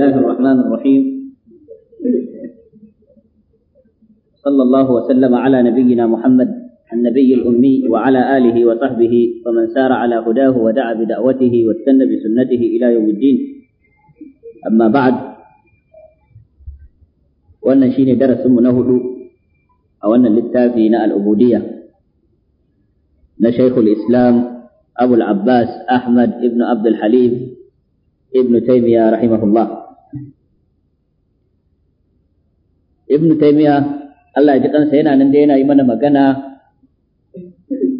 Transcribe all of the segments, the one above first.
الله الرحمن الرحيم صلى الله وسلم على نبينا محمد النبي الأمي وعلى آله وصحبه ومن سار على هداه ودعا بدعوته واستنى بسنته إلى يوم الدين أما بعد وأن شيني درس منهد أو أن للتافينا العبودية نشيخ الإسلام أبو العباس أحمد بن عبد الحليم ابن تيمية رحمه الله ibn taimiya Allah ya ji kansa yana nan da yana yi mana magana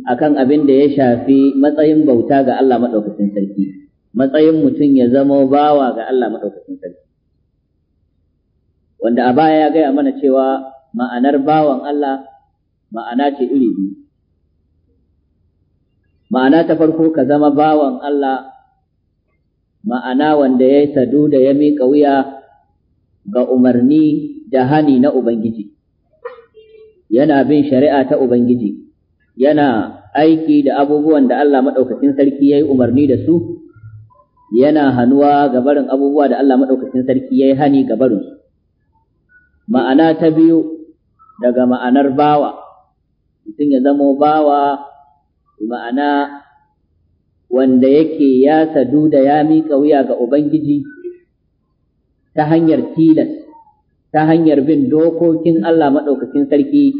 akan abin da ya shafi matsayin bauta ga Allah madaukakin sarki matsayin mutum ya zama bawa ga Allah madaukakin sarki wanda a baya ya gaya mana cewa ma'anar bawan Allah ma'ana ce iri biyu ma'ana ta farko ka zama bawan Allah ma'ana wanda ya yi da ya mika wuya ga umarni da hani na Ubangiji, yana bin shari'a ta Ubangiji, yana aiki da abubuwan da Allah maɗaukakin sarki ya yi umarni da su, yana hannuwa ga barin abubuwa da Allah maɗaukakin sarki ya yi hani ga barin Ma'ana ta biyu daga ma'anar bawa, mutum ya zamo bawa ma'ana wanda yake ya sadu da ya mika wuya ga Ubangiji ta hanyar tilas, ta hanyar bin dokokin Allah maɗaukakin sarki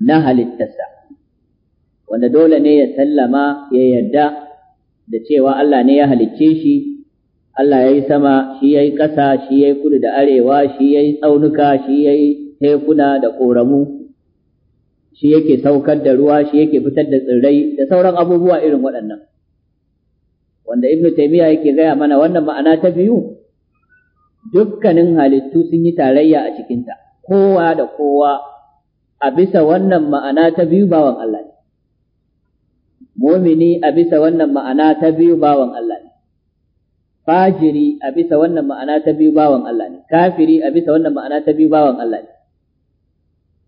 na halittarsa, wanda dole ne ya sallama ya yarda da cewa Allah ne ya halicce shi, Allah ya yi sama, shi ya yi ƙasa, shi ya yi kudu da arewa, shi ya yi tsaunuka, shi ya yi tekuna da ƙoramu, shi yake saukar da ruwa, shi yake fitar da tsirrai da sauran abubuwa irin waɗannan. wanda ibnu taimiyya yake gaya mana wannan ma'ana ta biyu dukkanin halittu sun yi tarayya a cikinta kowa da kowa a bisa wannan ma'ana ta biyu bawan Allah ne mumini a bisa wannan ma'ana ta biyu bawan Allah ne fajiri a bisa wannan ma'ana ta biyu bawan Allah ne kafiri a bisa wannan ma'ana ta biyu bawan Allah ne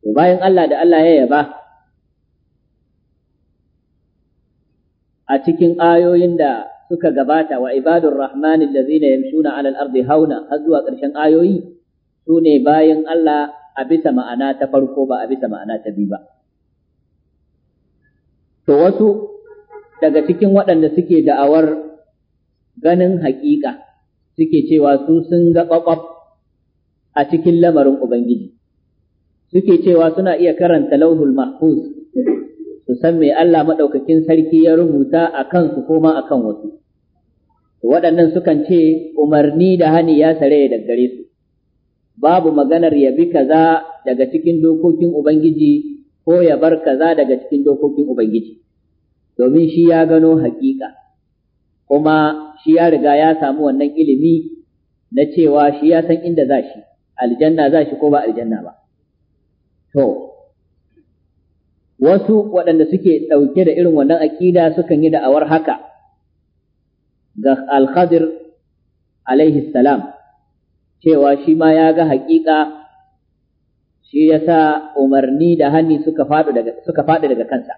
to bayan Allah da Allah ya yaba a cikin ayoyin da suka gabata wa ibadur da zina yamshuna ala al-ardi hauna har zuwa ƙarshen ayoyi su ne bayan Allah a bisa ma'ana ta farko ba a bisa ma'ana ta biyu ba to wasu daga cikin waɗanda suke da'awar ganin haƙiƙa suke cewa su sun ga ƙwaƙwaf a cikin lamarin Ubangiji, suke cewa suna iya karanta lauhul mahfuz su san me Allah maɗaukakin sarki ya rubuta a kansu ko ma a kan wasu waɗannan sukan ce umarni da hani ya sare da gare su babu maganar ya bi kaza daga cikin dokokin ubangiji ko ya bar kaza daga cikin dokokin ubangiji domin shi ya gano haƙiƙa kuma shi ya riga ya samu wannan ilimi na cewa shi ya san inda za shi aljanna za shi ko ba aljanna ba to wasu waɗanda suke ɗauke da irin wannan aƙida sukan yi da'awar haka ga al-khadir salam cewa shi ma ya ga haƙiƙa shi ya sa umarni da hannu suka faɗi daga kansa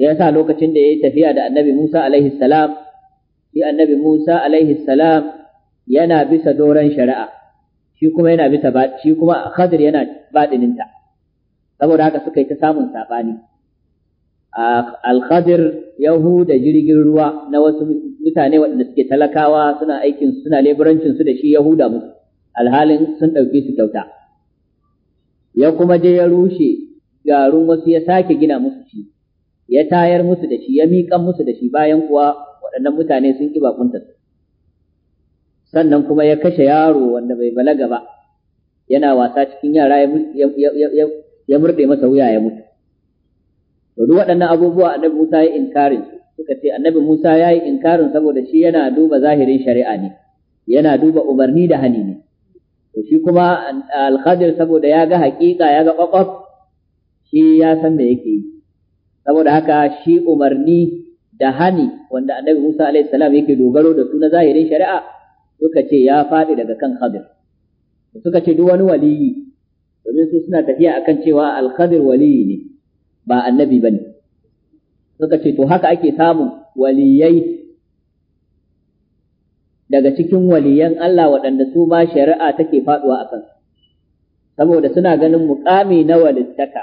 ya sa lokacin da ya yi tafiya da annabi musa alaihi salam shi annabi musa alaihi salam yana bisa doron shari'a shi kuma yana bisa shi kuma khadir yana baɗininta saboda haka suka yi ta samun saɓani alkhadir ya huda jirgin ruwa na wasu mutane waɗanda suke talakawa suna aikin suna leburancin su da shi ya huda musu alhalin sun ɗauke su kyauta ya kuma je ya rushe garin wasu ya sake gina musu shi ya tayar musu da shi ya miƙan musu da shi bayan kuwa waɗannan mutane sun ƙi bakunta sannan kuma ya kashe yaro wanda bai balaga ba yana wasa cikin yara ya ya murde masa wuya ya mutu to duk waɗannan abubuwa annabi Musa ya inkarin suka ce annabi Musa ya yi inkarin saboda shi yana duba zahirin shari'a ne yana duba umarni da hani ne to shi kuma al-Khadir saboda ya ga haƙiƙa ya ga ƙwaƙwaf shi ya san me yake yi saboda haka shi umarni da hani wanda annabi Musa alayhi salam yake dogaro da su na zahirin shari'a suka ce ya faɗi daga kan Khadir suka ce duk wani waliyi domin su suna tafiya akan cewa alkhadir waliyi ne ba annabi bane suka ce to haka ake samun waliyai daga cikin waliyan Allah waɗanda su ma shari'a take faɗuwa a kansu saboda suna ganin muƙami na walittaka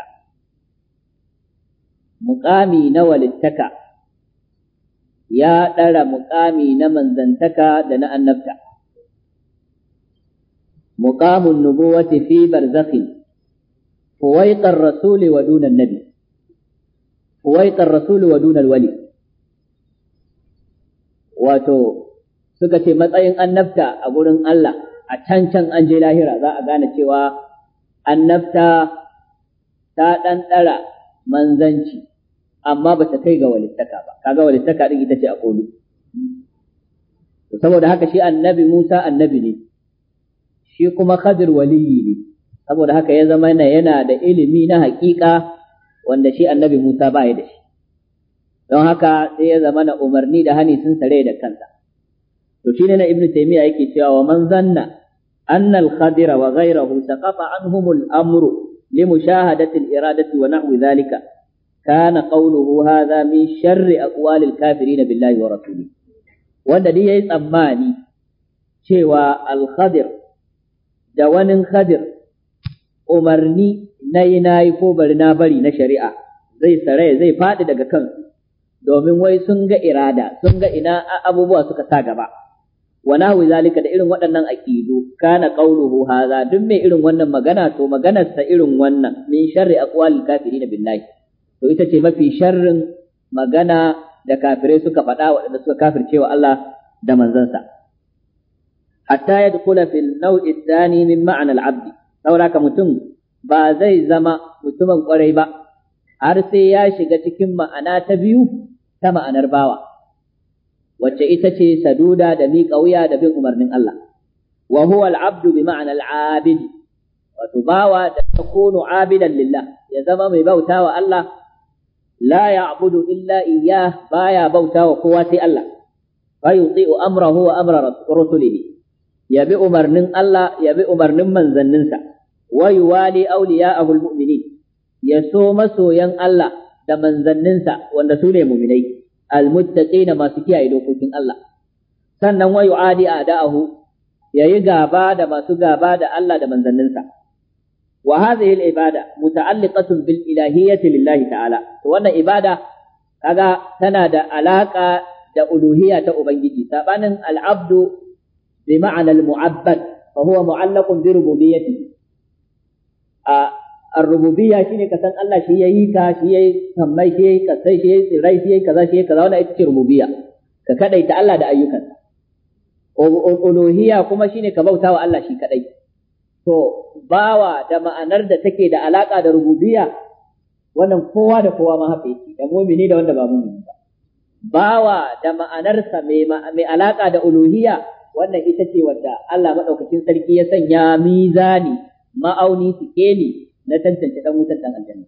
muƙami na walittaka ya ɗara muƙami na manzantaka da na annabta مقام النبوة في برزخ فويق الرسول ودون النبي فويق الرسول ودون الولي wato suka ce matsayin annabta a gurin Allah a can can an je lahira za a gane cewa annabta ta ɗan manzanci amma bata kai ga walittaka ba kaga walittaka ɗin ita ce a kolu saboda haka shi annabi Musa annabi ne shi kuma kadir Waliyyi ne saboda haka ya zama yana da ilimi na haƙiƙa wanda shi annabi Musa ba ya shi don haka sai ya zama na umarni da hani sun sare da kansa to shi ne na ibnu taymiya yake cewa wa man zanna anna al qadir wa ghayrahu taqafa anhum al amru li mushahadati al iradati wa nahwi dhalika kana qawluhu hadha min sharri aqwali al kafirin billahi wa rasulihi wanda dai yayi tsammani cewa al qadir da wani hadir, umarni na yi na yi ko bari na bari na shari'a zai saraya zai faɗi daga kansu domin wai sun ga irada sun ga ina abubuwa suka sa gaba wa nahwi zalika da irin waɗannan aqidu kana qawluhu hadha duk mai irin wannan magana to maganar irin wannan min sharri aqwalil kafirin billahi to ita ce mafi sharrin magana da kafirai suka faɗa waɗanda suka kafircewa Allah da manzansa hatta yadkhula fil naw'i thani min ma'anar Abdi, abd mutum ba zai zama mutumin kwarai ba har sai ya shiga cikin ma'ana ta biyu ta ma'anar bawa wacce ita ce saduda da miƙa wuya da bin umarnin Allah wa huwa al-'abdu bi ma'anar al-'abid wato bawa da takunu 'abidan lillah ya zama mai bautawa Allah لا يعبد bautawa kowa بايا allah وقوات الله فيطيء أمره وأمر رسله yabi umarnin Allah yabi umarnin manzanninsa wa yuwali awliya ahul mu'minin ya so masoyan Allah da manzanninsa wanda su ne mu'minai al na masu kiyaye dokokin Allah sannan wa yuadi a'da'ahu yayi gaba da masu gaba da Allah da manzanninsa wa hadhihi al-ibada muta'alliqatun bil ilahiyyati lillahi ta'ala wannan ibada kaga tana da alaƙa da uluhiya ta ubangiji saɓanin al-abdu بمعنى المعبد فهو معلق بربوبيته الربوبية شيء كسان الله شيء كا شيء يي شيء يي شيء سري شيء كذا شيء كذا ولا ita rububiyya ka kadaita Allah da ayyukansa uluhiyya kuma shine ka bauta wa Allah shi kadai to bawa da ma'anar da take da alaka da rububiyya wannan kowa da kowa ma haka yake da mu'mini da wanda ba mu'mini ba bawa da ma'anarsa mai alaka da uluhiyya wannan ita ce wadda Allah madaukakin sarki ya sanya mizani ma'auni sikeli na tantance ɗan wutar dan aljanna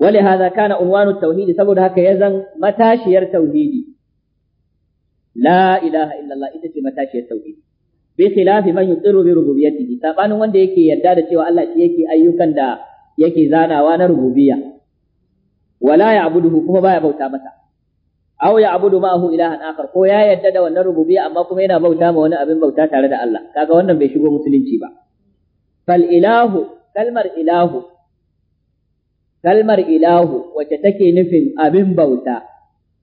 wali hadha kana unwanu tauhidi saboda haka ya zan matashiyar tauhidi la ilaha illallah ita ce matashiyar tauhidi bi khilafi man yuqirru bi rububiyyatihi sabanin wanda yake yarda da cewa Allah shi yake ayyukan da yake zanawa na rububiyya wala ya'buduhu kuma baya bauta masa aw ya abudu ma'ahu ilahan akhar ko ya yadda da wannan rububiyya amma kuma yana bauta ma wani abin bauta tare da Allah kaga wannan bai shigo musulunci ba fal ilahu kalmar ilahu kalmar ilahu wacce take nufin abin bauta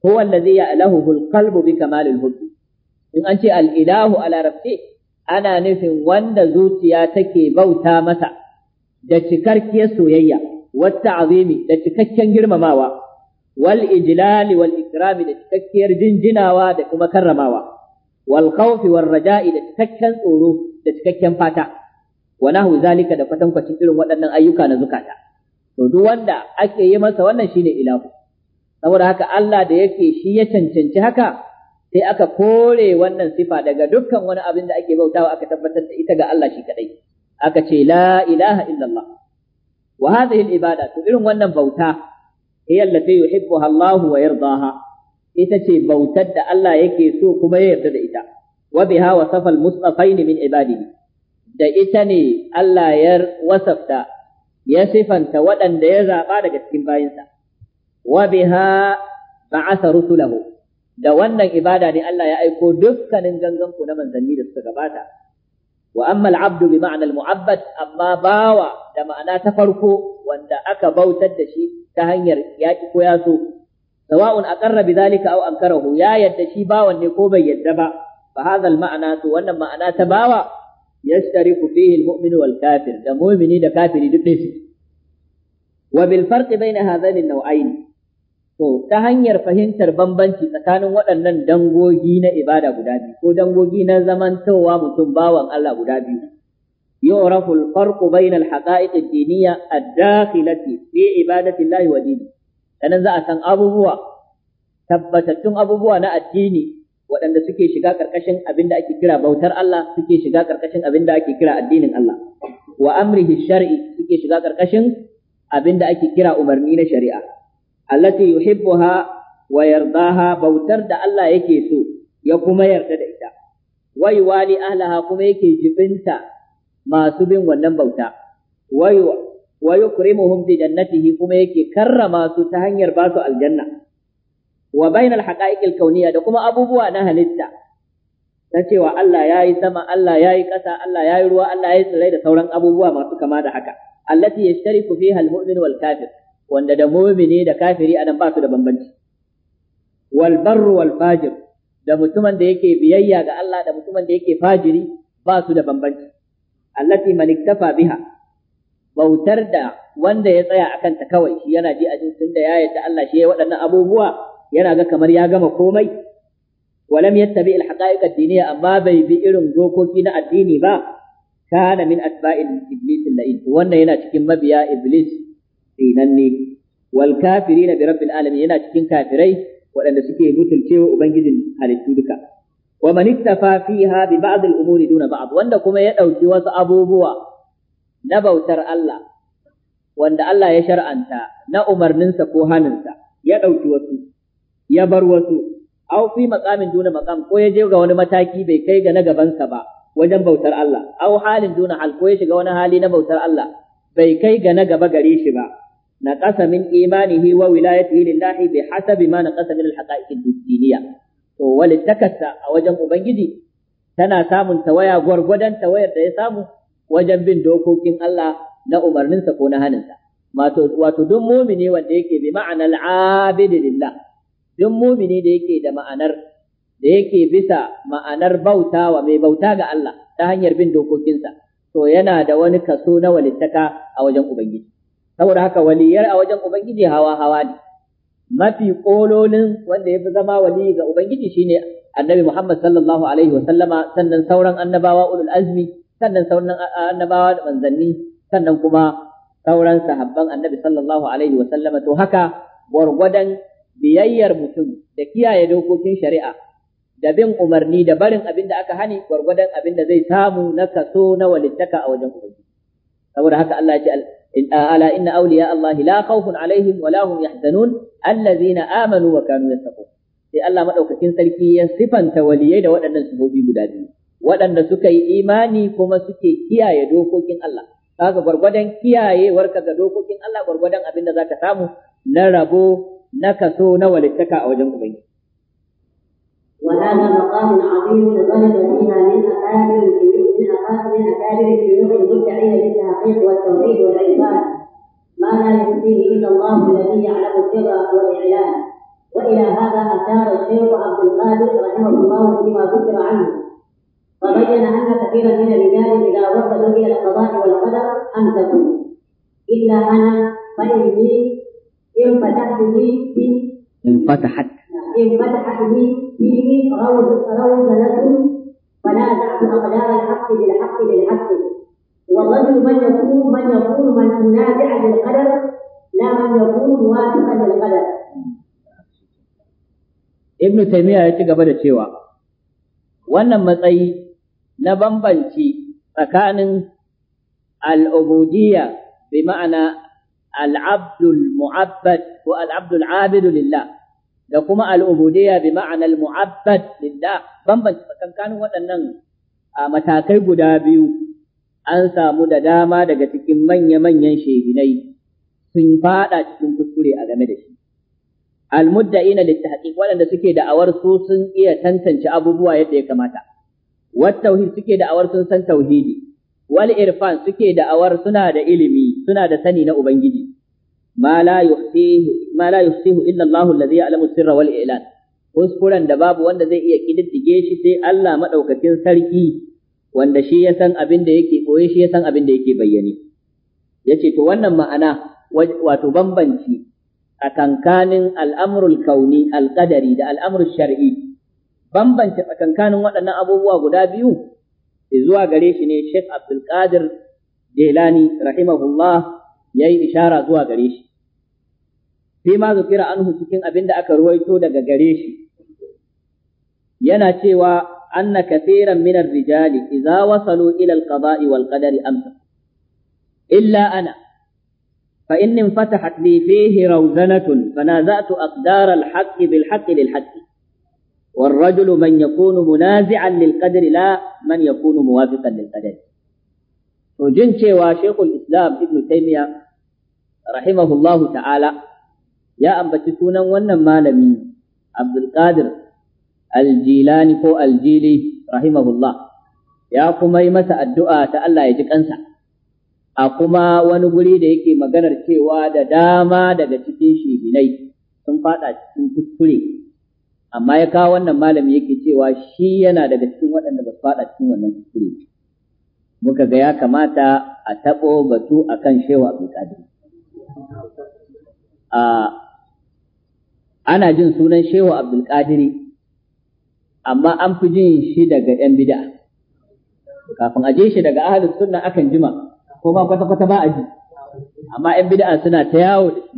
huwa allazi ya'lahu al qalbu bi kamalil hubbi in an ce al ilahu a larabci ana nufin wanda zuciya take bauta masa da cikakkiyar soyayya wata azimi da cikakken girmamawa wal ijlali wal ikrami da cikakkiyar jinjinawa da kuma karramawa wal khawfi war raja'i da cikakken tsoro da cikakken fata wa zalika da kwatankwacin irin waɗannan ayyuka na zukata to duk wanda ake yi masa wannan shine ilahu saboda haka Allah da yake shi ya cancanci haka sai aka kore wannan sifa daga dukkan wani abin da ake bautawa aka tabbatar da ita ga Allah shi kadai aka ce la ilaha illallah wa hadhihi al ibada to irin wannan bauta hiya allati yuhibbuha Allah wa yardaha ita ce bautar da Allah yake so kuma ya yarda da ita wa biha wasafa min ibadihi da ita ne Allah ya wasafta ya sifanta waɗanda ya zaɓa daga cikin bayinsa wa biha ba'atha rusulahu da wannan ibada ne Allah ya aiko dukkanin ganganku na manzanni da gabata wa amma al'abdu bi ma'anar mu'abbad amma bawa da ma'ana ta farko wanda aka bautar da shi ta hanyar yaƙi ko ya so sawa'un aqarra bidhalika aw ankarahu ya yadda shi bawan ne ko bai yadda ba fa hadha ma'ana to wannan ma'ana ta bawa yashtariku fihi al-mu'min wal kafir da mu'mini da kafiri duk ɗaya wa bil farqi baina hadhain an-naw'ain to ta hanyar fahimtar bambanci tsakanin waɗannan dangogi na ibada guda biyu ko dangogi na zamantowa mutum bawan Allah guda biyu يعرف الفرق بين الحقائق الدينية الداخلة في عبادة الله ودينه sanan za a san abubuwa tabbatattun abubuwa na addini waɗanda suke shiga ƙarƙashin abin da ake kira bautar Allah suke shiga ƙarƙashin abin da ake kira addinin Allah wa amrihi shar'i suke shiga ƙarƙashin abin da ake kira umarni na shari'a allati yuhibbuha wa yardaha bautar da Allah yake so ya kuma yarda da ita wai wali ahlaha kuma yake jibinta masu bin wannan bauta wayo wayo krimuhum bi jannatihi kuma yake karrama su ta hanyar ba su aljanna wa bainal haqa'iqil kauniyya da kuma abubuwa na halitta ta cewa Allah ya yi sama Allah ya yi ƙasa Allah ya yi ruwa Allah ya yi tsirrai da sauran abubuwa masu kama da haka allati yashtariku fiha almu'min wal kafir wanda da mu'mini da kafiri anan ba su da bambanci wal barru wal fajir da mutumin da yake biyayya ga Allah da mutumin da yake fajiri ba su da bambanci allati man iktafa biha bautar da wanda ya tsaya akan ta kawai shi yana ji a jin da ya yarda Allah shi ya waɗannan abubuwa yana ga kamar ya gama komai walam yattabi al haqa'iq ad-diniyya amma bai bi irin dokoki na addini ba kana min atba'il iblis al-la'in wannan yana cikin mabiya iblis dinanne wal kafirina bi rabbil alamin yana cikin kafirai waɗanda suke mutuncewa ubangijin halittu duka wa man ittafa fiha bi ba'd al-umuri duna ba'd wanda kuma ya dauki wasu abubuwa na bautar Allah wanda Allah ya shar'anta na umarninsa ko haninsa ya dauki wasu ya bar wasu aw fi maqamin duna maqam ko ya wani mataki bai kai ga na gabansa ba wajen bautar Allah aw halin duna hal shiga wani hali na bautar Allah bai kai ga na gaba gare shi ba na qasa min imanihi wa wilayatihi lillahi bi hasabi ma na qasa min al-haqa'iq ad to walittakarsa a wajen ubangiji tana samun tawaya gwargwadon tawayar da ya samu wajen bin dokokin Allah na umarninsa ko na haninsa wato duk mumini wanda yake bi ma'anar abidi lillah duk mumini da yake da ma'anar da yake bisa ma'anar bauta wa mai bauta ga Allah ta hanyar bin dokokinsa to yana da wani kaso na walittaka a wajen ubangiji saboda haka waliyar a wajen ubangiji hawa hawa ne mafi kololin wanda ya fi zama wali ga ubangiji shine annabi Muhammad sallallahu alaihi Wasallama. sannan sauran annabawa ulul azmi sannan sauran annabawa da manzanni sannan kuma sauran sahabban annabi sallallahu alaihi Wasallama. to haka gwargwadon biyayyar mutum da kiyaye dokokin shari'a da bin umarni da barin abin da aka hani gwargwadon abin da zai samu na kaso na walittaka a wajen ubangiji saboda haka Allah ya ce ala inna awliya Allah la khawfun alaihim wa la hum yahzanun allazina amanu wa kanu yattaqun sai Allah madaukakin sarki ya sifanta waliyai da waɗannan sifofi guda biyu waɗanda suka yi imani kuma suke kiyaye dokokin Allah kaga gwargwadon kiyayewarka ga dokokin Allah gwargwadon abin da zaka samu na rabo na kaso na walittaka a wajen ubangiji وهذا مقام عظيم غلب فيها من اكابر من اكابر الشيوخ المدعيه بالتحقيق والتوحيد والعباد ما لا يخفيه الا الله الذي يعلم السر والاعلان والى هذا اشار الشيخ عبد القادر رحمه الله فيما ذكر عنه فبين ان كثيرا من الرجال اذا وصلوا الى القضاء والقدر امسكوا الا انا فاني انفتحت لي انفتحت انفتحت لي فيه روزنة فنازعت أقدار الحق بالحق بالحق والرجل من يكون من يكون من نازع بالقدر لا من يكون موافقا للقدر Ibn Taymiyyah ya ci gaba da cewa wannan matsayi na bambanci tsakanin al'ubudiyya bi ma'ana al'abdul mu'abbad ko al'abdul abidu lillah da kuma al'ubudiyya bi ma'anar mu'abbad lillah bambanci tsakankanin waɗannan a matakai guda biyu an samu da dama daga cikin manya-manyan shehinai sun fada cikin kuskure a game da shi ina littahqiq waɗanda suke da'awar su sun iya tantance abubuwa yadda ya kamata Wattauhi suke da'awar sun san tauhidi wal irfan suke da'awar suna da ilimi suna da sani na ubangiji ma la yuhtihi ma la yuhtihu illa Allah alladhi kuskuren da babu wanda zai iya ƙididdige shi sai Allah madaukakin sarki wanda shi ya san abin da yake koye shi ya san abin da yake bayyane yace to wannan ma'ana wato bambanci a kankanin al'amrul kauni alqadari da shari'i. shar'i a kankanin waɗannan abubuwa guda biyu zuwa gare shi ne Sheikh abdulkadir delani Jilani rahimahullah yayi ishara zuwa gare shi fi ma zukira anhu cikin abin da aka ruwaito daga gare shi yana cewa anna kathiran min ar-rijali idza wasalu ila al wal qadari amsa illa ana fa inni fatahat li fihi rawzanatun fanaza'tu aqdar al-haqq bil haqq lil haqq والرجل من يكون منازعا للقدر لا من يكون موافقا للقدر to jin cewa Sheikhul Islam Ibn Taymiyyah rahimahullahu ta'ala ya ambaci sunan wannan malami Abdulkadir Aljilani ko Aljili rahimahullah ya kuma yi masa addu'a ta Allah ya ji kansa a kuma wani guri da yake maganar cewa da dama daga cikin shirinai sun fada cikin kuskure amma ya kawo wannan malami yake cewa shi yana daga cikin waɗanda ba su fada cikin wannan kuskure muka ga ya kamata a taɓo batu akan shewa Abdulkadir ana jin sunan shehu abdul qadiri amma an fi jin shi daga yan bid'a kafin a je shi daga ahlus sunna akan jima ko ba kwata kwata ba a ji amma yan bid'a suna ta yawo da shi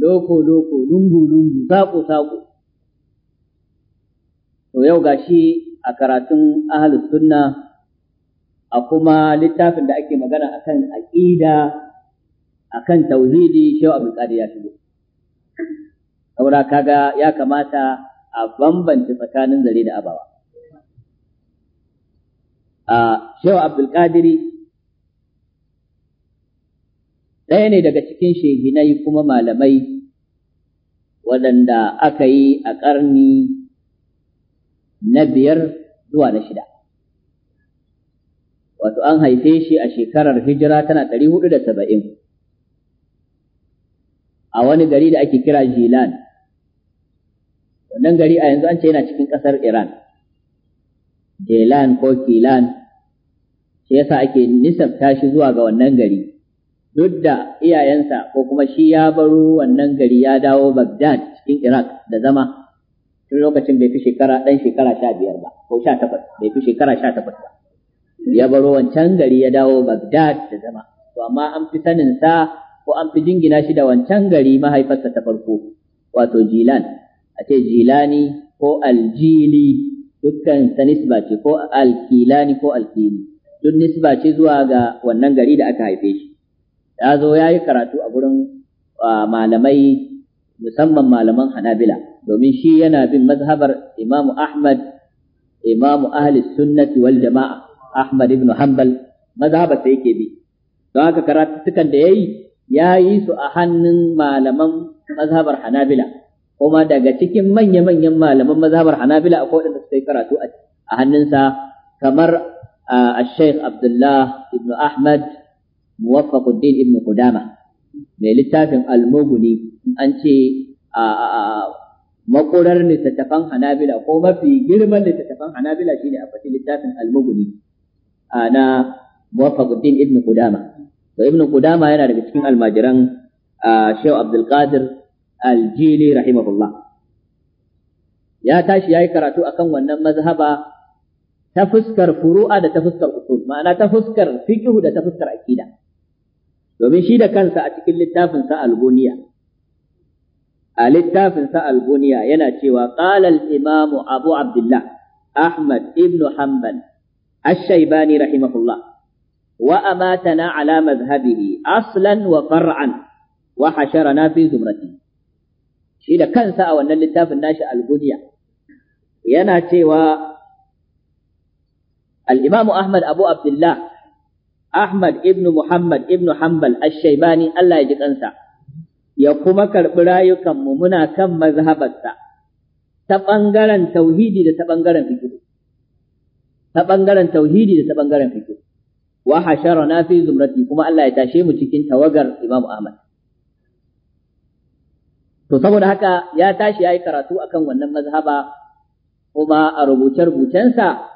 loko loko lungu lungu saƙo-saƙo. to yau gashi a karatun ahlus sunna a kuma littafin da ake magana akan aqida akan tauhidi shehu abdul qadir ya shigo saboda kaga ya kamata a bambanta tsakanin zare da abawa a shehu abdulkadiri ɗaya ne daga cikin shehinai kuma malamai waɗanda aka yi a ƙarni na biyar zuwa na shida wato an haife shi a shekarar hijira tana ɗari hudu da saba'in a wani gari da ake kira jilan wannan gari a yanzu an ce yana cikin ƙasar Iran Jelan ko Kilan shi yasa ake nisabta shi zuwa ga wannan gari duk da iyayensa ko kuma shi ya baro wannan gari ya dawo Baghdad cikin Iraq da zama tun lokacin bai fi shekara ɗan shekara sha biyar ba ko sha takwas bai fi shekara sha takwas ba ya baro wancan gari ya dawo Baghdad da zama to amma an fi sanin sa ko an fi jingina shi da wancan gari mahaifarsa ta farko wato Jilan a ce jilani ko aljili dukkan ta nisba ce ko alkilani ko alkili duk nisba ce zuwa ga wannan gari da aka haife shi ya zo ya yi karatu a gurin malamai musamman malaman hanabila domin shi yana bin mazhabar imamu ahmad imamu ahli sunnati wal jama'a ahmad ibn hanbal mazhabar sai yake bi don haka karatutukan da yayi ya yi su a hannun malaman mazhabar hanabila kuma daga cikin manya-manyan malaman mazhabar Hanabila a waɗanda suka sai karatu a hannunsa kamar الشيخ عبد الله بن أحمد موفق الدين ابن mai littafin almoguni an ce makonar littattafan hanabila ko mafi girman littattafan hanabila shine a fashin littafin almuguni na muwaffaquddin ibn qudama to ibn qudama yana daga cikin almajiran shehu abdulkadir aljili rahimahullah ya tashi yayi karatu akan wannan mazhaba ta fuskar furu'a da ta fuskar usul ma'ana ta fuskar fiqh da ta fuskar aqida domin shi da kansa a cikin littafin sa al a littafin sa al yana cewa qala al imam abu abdullah ahmad ibn hanbal ash-shaybani rahimahullah wa amatana ala madhhabihi aslan wa far'an wa hasharana fi zumratihi shi da kansa a wannan littafin nashi al yana cewa al-imam Ahmad Abu Abdullah Ahmad ibn Muhammad ibn Hanbal ash-Shaybani Allah ya ji kansa ya kuma karɓi rayukan mu muna kan mazhabarsa ta ɓangaren tauhidi da ta ɓangaren fikihu ta ɓangaren tauhidi da ta zumrati kuma Allah ya tashe mu cikin tawagar Imam Ahmad to saboda haka ya tashi ya yi karatu akan wannan mazhaba kuma a rubuce-rubucensa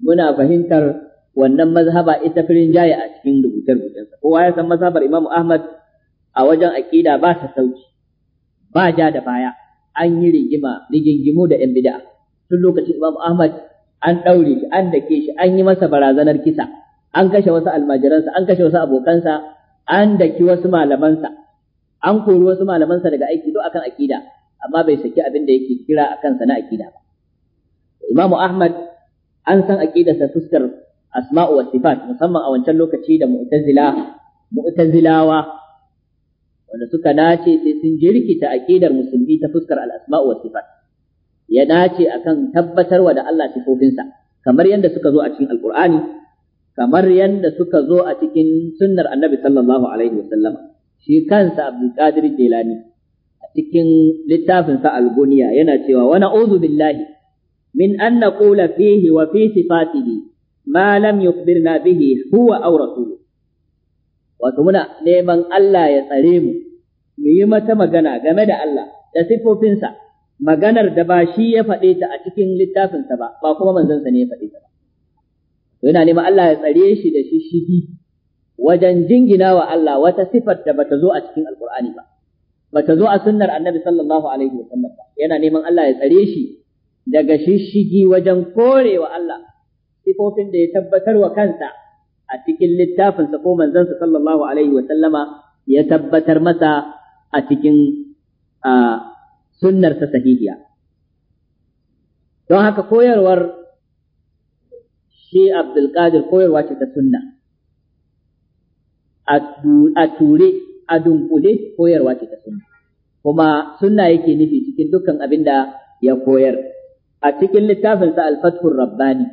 muna fahimtar wannan mazhaba ita firin jaye a cikin rubuce-rubucensa kowa ya san mazhabar Imam Ahmad a wajen aƙida ba ta sauki ba ja da baya an yi rigima rigingimu da 'yan bid'a tun lokacin Imam Ahmad an ɗaure shi an dake shi an yi masa barazanar kisa an kashe wasu almajiransa an kashe wasu abokansa an daki wasu malamansa an kori wasu malamansa daga aiki duk akan akida amma bai saki abin da yake kira akan sa na akida ba Imam Ahmad an san aqidarsa fuskar asma'u wa sifat musamman a wancan lokaci da mu'tazila mu'tazilawa wanda suka nace sai sun jirkita aqidar musulmi ta fuskar al-asma'u wa sifat ya nace akan tabbatarwa da Allah sifofinsa kamar yadda suka zo a cikin alqur'ani kamar yadda suka zo a cikin sunnar annabi sallallahu alaihi wasallam shi kansa abdul qadir jilani cikin littafinsa alguniya yana cewa wa na'udhu billahi min an naqula fihi wa fi sifatihi ma lam yukhbirna bihi huwa aw rasuluhu wato muna neman Allah ya tsare mu mu yi mata magana game da Allah da sifofinsa maganar da ba shi ya faɗe ta a cikin littafinsa ba ba kuma manzansa ne ya faɗe ta ba yana neman Allah ya tsare shi da shi shigi wajen jingina wa Allah wata sifar da bata zo a cikin alkur'ani ba bata zo a sunnar annabi sallallahu alaihi wasallam ba yana neman Allah ya tsare shi daga shishigi wajen korewa Allah sifofin da ya tabbatar wa kansa a cikin littafinsa ko manzansa sallallahu alaihi wasallama ya tabbatar masa a cikin sunnarsa sahihiya don haka koyarwar shi Abdulkadir koyarwa ce ta sunna a ture a dunkule koyarwa ce ta sunna kuma sunna yake nufi cikin dukkan abin da ya koyar a cikin littafin sa al-fathur rabbani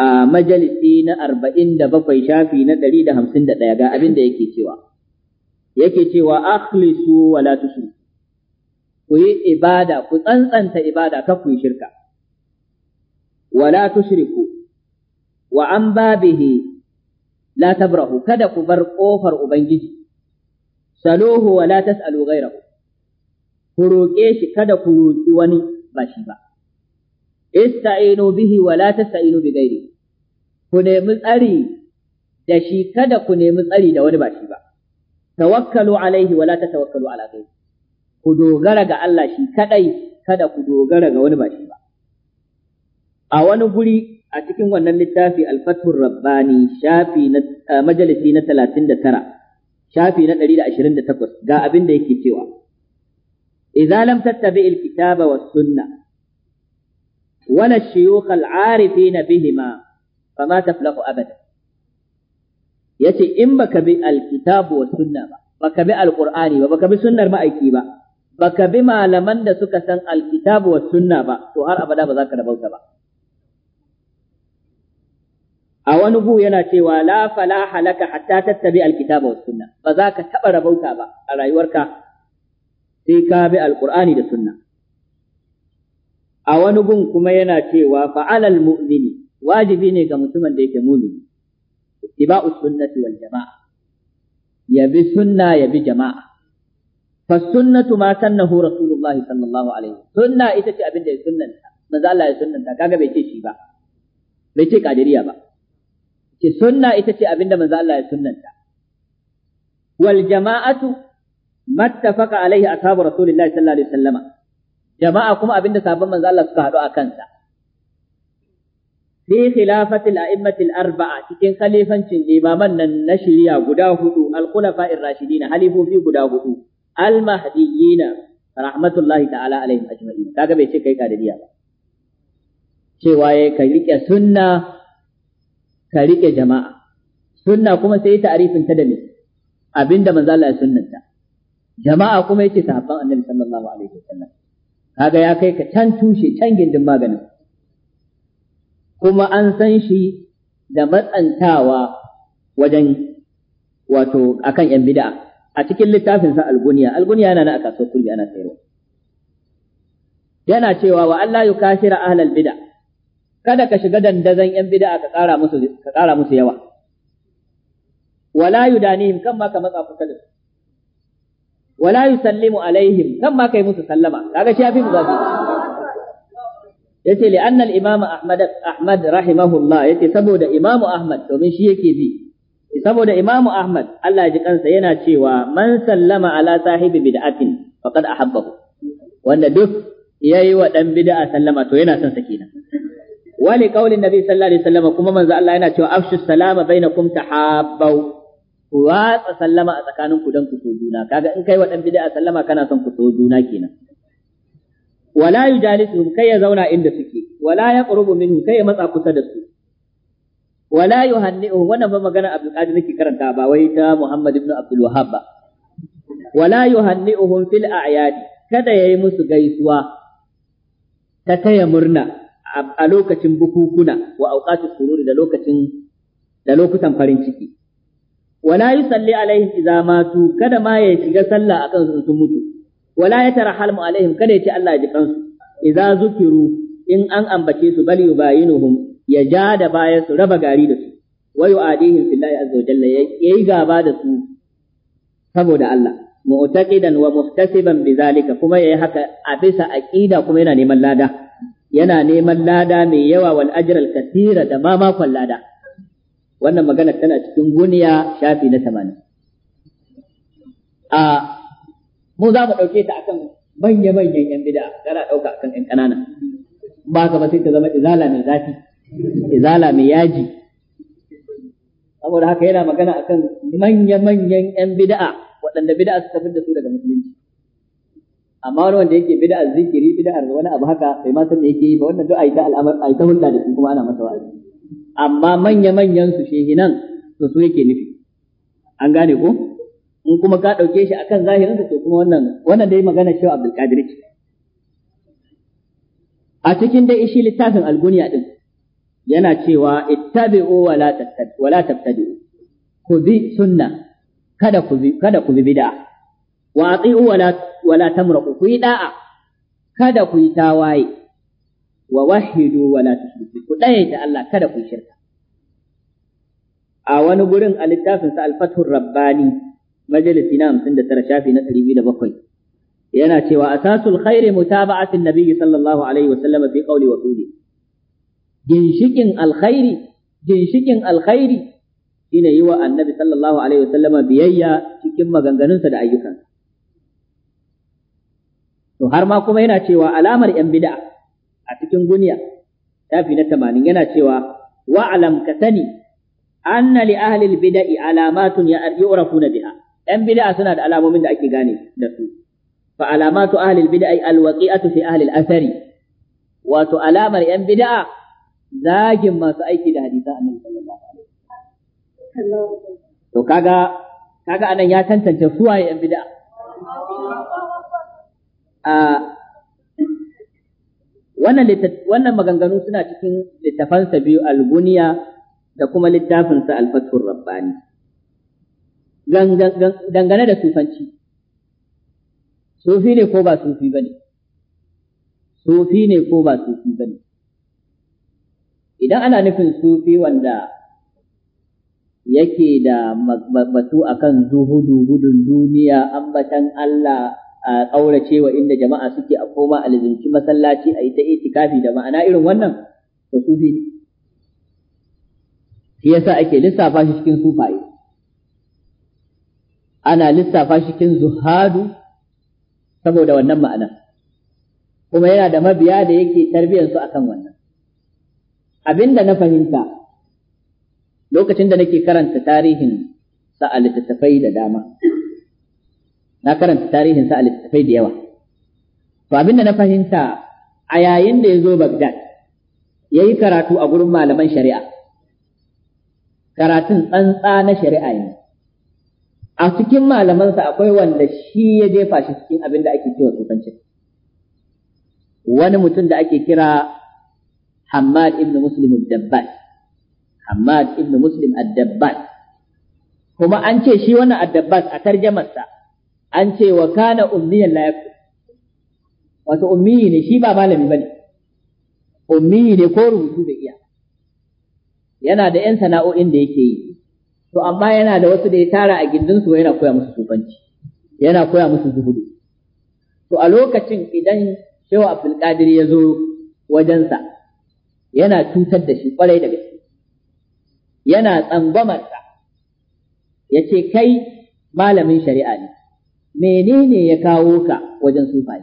a majalisi na 47 shafi na 151 ga abin da yake cewa yake cewa akhlisu wa la ku yi ibada ku tsantsanta ibada ka ku yi shirka wa la tushriku wa an babihi la tabrahu kada ku bar kofar ubangiji saluhu wa la tas'alu ghayrahu ku roƙe shi kada ku roƙi wani ba shi ba ista'inu bihi wa la tasta'inu bi ghayri ku nemi tsari da shi kada ku nemi tsari da wani ba shi ba tawakkalu alaihi wa la tatawakkalu ala ghayri ku dogara ga Allah shi kadai kada ku dogara ga wani ba shi ba a wani guri a cikin wannan littafi al-fathur rabbani shafi na eh, majalisi na 39 shafi na 128 ga abinda da yake cewa idza lam tattabi alkitaba was sunna wala shuyukh al'arifin bihima fama taflahu abada yace in baka bi alkitabu was ba baka bi alqur'ani ba baka bi sunnar ma'aiki ba baka bi malaman da suka san alkitabu was sunna ba to har abada ba za ka rabauta ba a wani gu yana cewa la falaha laka hatta tattabi alkitaba was sunna ba za ka taɓa rabauta ba a rayuwarka sai ka bi alqur'ani da sunna a wani gun kuma yana cewa fa'alal mu'mini wajibi ne ga mutumin da yake mu'mini ittiba'us sunnati wal jama'a ya bi sunna ya bi jama'a fa sunnatu ma sannahu rasulullah sallallahu alaihi sunna ita ce abin da ya sunnanta manzo Allah ya sunnanta kaga bai ce shi ba bai ce kadiriya ba ki sunna ita ce abinda manzo Allah ya sunnanta wal jama'atu mattafaqa alaihi ashabu rasulillahi sallallahu alaihi wasallama jama'a kuma abinda sabon manzo Allah suka hadu a kansa fi khilafatil a'immatil arba'a cikin khalifancin imaman nan na shari'a guda hudu al khulafa'ir rashidin halifofi guda hudu al mahdiyina rahmatullahi ta'ala alaihim ajma'in kaga bai ce kai kadiriya ba cewa ya ka rike sunna ka riƙe jama'a sunna kuma sai tarifin ta da me abinda manzo Allah ya sunnanta jama'a kuma yake sahabban annabi sallallahu alaihi wasallam kaga ya kai ka can tushe can gindin maganin kuma an san shi da matsantawa wajen wato akan yan bid'a a cikin littafin sa algunya algunya yana na a kulli ana sayarwa yana cewa wa Allah yukashira ahlal bid'a kada ka shiga dandazon yan bid'a ka ƙara musu ka ƙara musu yawa wala yudanihim kan ma ka matsa kusa da su wala yusallimu alaihim kan ma kai musu sallama kaga shi yafi muzabi yace li anna al imam ahmad ahmad rahimahullah yace saboda imamu ahmad domin shi yake bi saboda imamu ahmad Allah ya ji kansa yana cewa man sallama ala sahibi bid'atin faqad ahabbahu wanda duk yayi wa dan bid'a sallama to yana son sa kenan wa li qaulin nabi sallallahu alaihi wasallam kuma manzo Allah yana cewa afshu salama bainakum tahabbu ku watsa sallama a tsakanin ku dan ku so juna kaga in kai wa dan bid'a sallama kana son ku so juna kenan wala yujalisuhum kai ya zauna inda suke wala yaqrubu minhu kai ya matsa kusa da su wala yuhanni'u wannan ba magana Abdul Qadir nake karanta ba wai ta Muhammad ibn Abdul Wahhab ba wala yuhanni'uhum fil a'yad kada yayi musu gaisuwa ta taya murna a lokacin bukukuna wa auqatis sururi da lokacin da lokutan farin ciki wala yusalli alaihim idza matu kada ma ya shiga sallah akan su sun mutu wala ya mu alaihim kada ya ce Allah ya ji kansu idza zukiru in an ambace su bal yubayinuhum ya ja da bayan su raba gari da su wa yu'adihim billahi azza wa jalla yayi gaba da su saboda Allah mu'taqidan wa muhtasiban bizalika kuma yayi haka a bisa aqida kuma yana neman lada yana neman lada mai yawa wal ajral kathira da ma makon lada wannan magana tana cikin guniya shafi na 80 a mu za mu dauke ta akan manya manyan yan bid'a kana dauka akan yan kanana ba ka ba sai ta zama izala mai zafi izala mai yaji saboda haka yana magana akan manya manyan yan bid'a waɗanda bid'a suka fitar da su daga musulunci amma wani wanda yake bid'a zikiri bid'ar wani abu haka bai ma san me yake yi ba wannan duk ai ta al'amar ai ta hulɗa da su kuma ana masa wa'azi amma manya manyan su shehinan to su yake nufi an gane ko in kuma ka dauke shi akan zahirin sa to kuma wannan wannan dai magana cewa Abdul Qadir ce a cikin dai shi littafin alguniya din yana cewa ittabi'u wala tattabi'u wala tattabi'u ku bi sunna kada ku bi kada ku bi bid'a wa ati'u wala wala tamra'u ku yi da'a kada ku yi tawaye wa wahidu wala tushriku ku ɗaya da Allah kada ku yi shirka a wani gurin a littafin sa al-fathur rabbani majalisi na 59 shafi na 207 yana cewa asasul khairi mutaba'ati an-nabi sallallahu alaihi wa sallam fi qawli wa qili ginshikin alkhairi ginshikin alkhairi shine yi wa annabi sallallahu alaihi wa sallam biyayya cikin maganganunsa da ayyukansa to har ma kuma yana cewa alamar yan bid'a a cikin gunya tafi na tamanin yana cewa wa alam ka sani anna li ahli al bid'i alamatun yu'rafuna biha yan bid'a suna da alamomin da ake gane da su fa alamatu ahli al bid'i al waqi'atu fi ahli al athari wato alamar yan bid'a zagin masu aiki da hadisan annabi sallallahu alaihi wasallam to kaga kaga anan ya tantance suwaye yan bid'a wannan maganganu suna cikin littafansa biyu alguniya da kuma littafinsa alfathur rabbani dangane da sufanci sufi ne ko ba sufi ba ne sufi ne ko ba sufi ba ne idan ana nufin sufi wanda yake da batu akan zuhudu gudun duniya ambatan Allah a ƙaurace wa inda jama'a suke a koma a lizinci masallaci a yi ta itikafi da ma'ana irin wannan to sufi ne shi yasa ake lissafa shi cikin sufaye ana lissafa shi cikin zuhadu saboda wannan ma'ana kuma yana da mabiya da yake tarbiyyarsu a kan wannan abin da na fahimta lokacin da nake karanta tarihin sa'a littattafai da dama na karanta tarihin sa littattafai da yawa to abinda na fahimta a yayin da ya zo bagdad ya yi karatu a gurin malaman shari'a karatun tsantsa na shari'a ne a cikin malamansa akwai wanda shi ya jefa shi cikin abin da ake cewa tsofancin wani mutum da ake kira Hamad ibn Muslim Adabbas, dabbas Hamad ibn Muslim dabbas kuma an ce shi wannan Adabbas a tarjamarsa an ce wa kana ummiyan la yaku wato ummiyi ne shi ba malami bane ummiyi ne ko rubutu da iya yana da yan sana'o'in da yake yi to amma yana da wasu da ya tara a gindin su yana koya musu sufanci yana koya musu zuhudu to a lokacin idan Shehu Abdul Qadir ya zo wajensa yana cutar da shi kwarai da gaske yana tsangwamar ya ce kai malamin shari'a ne menene ya kawo ka wajen sufai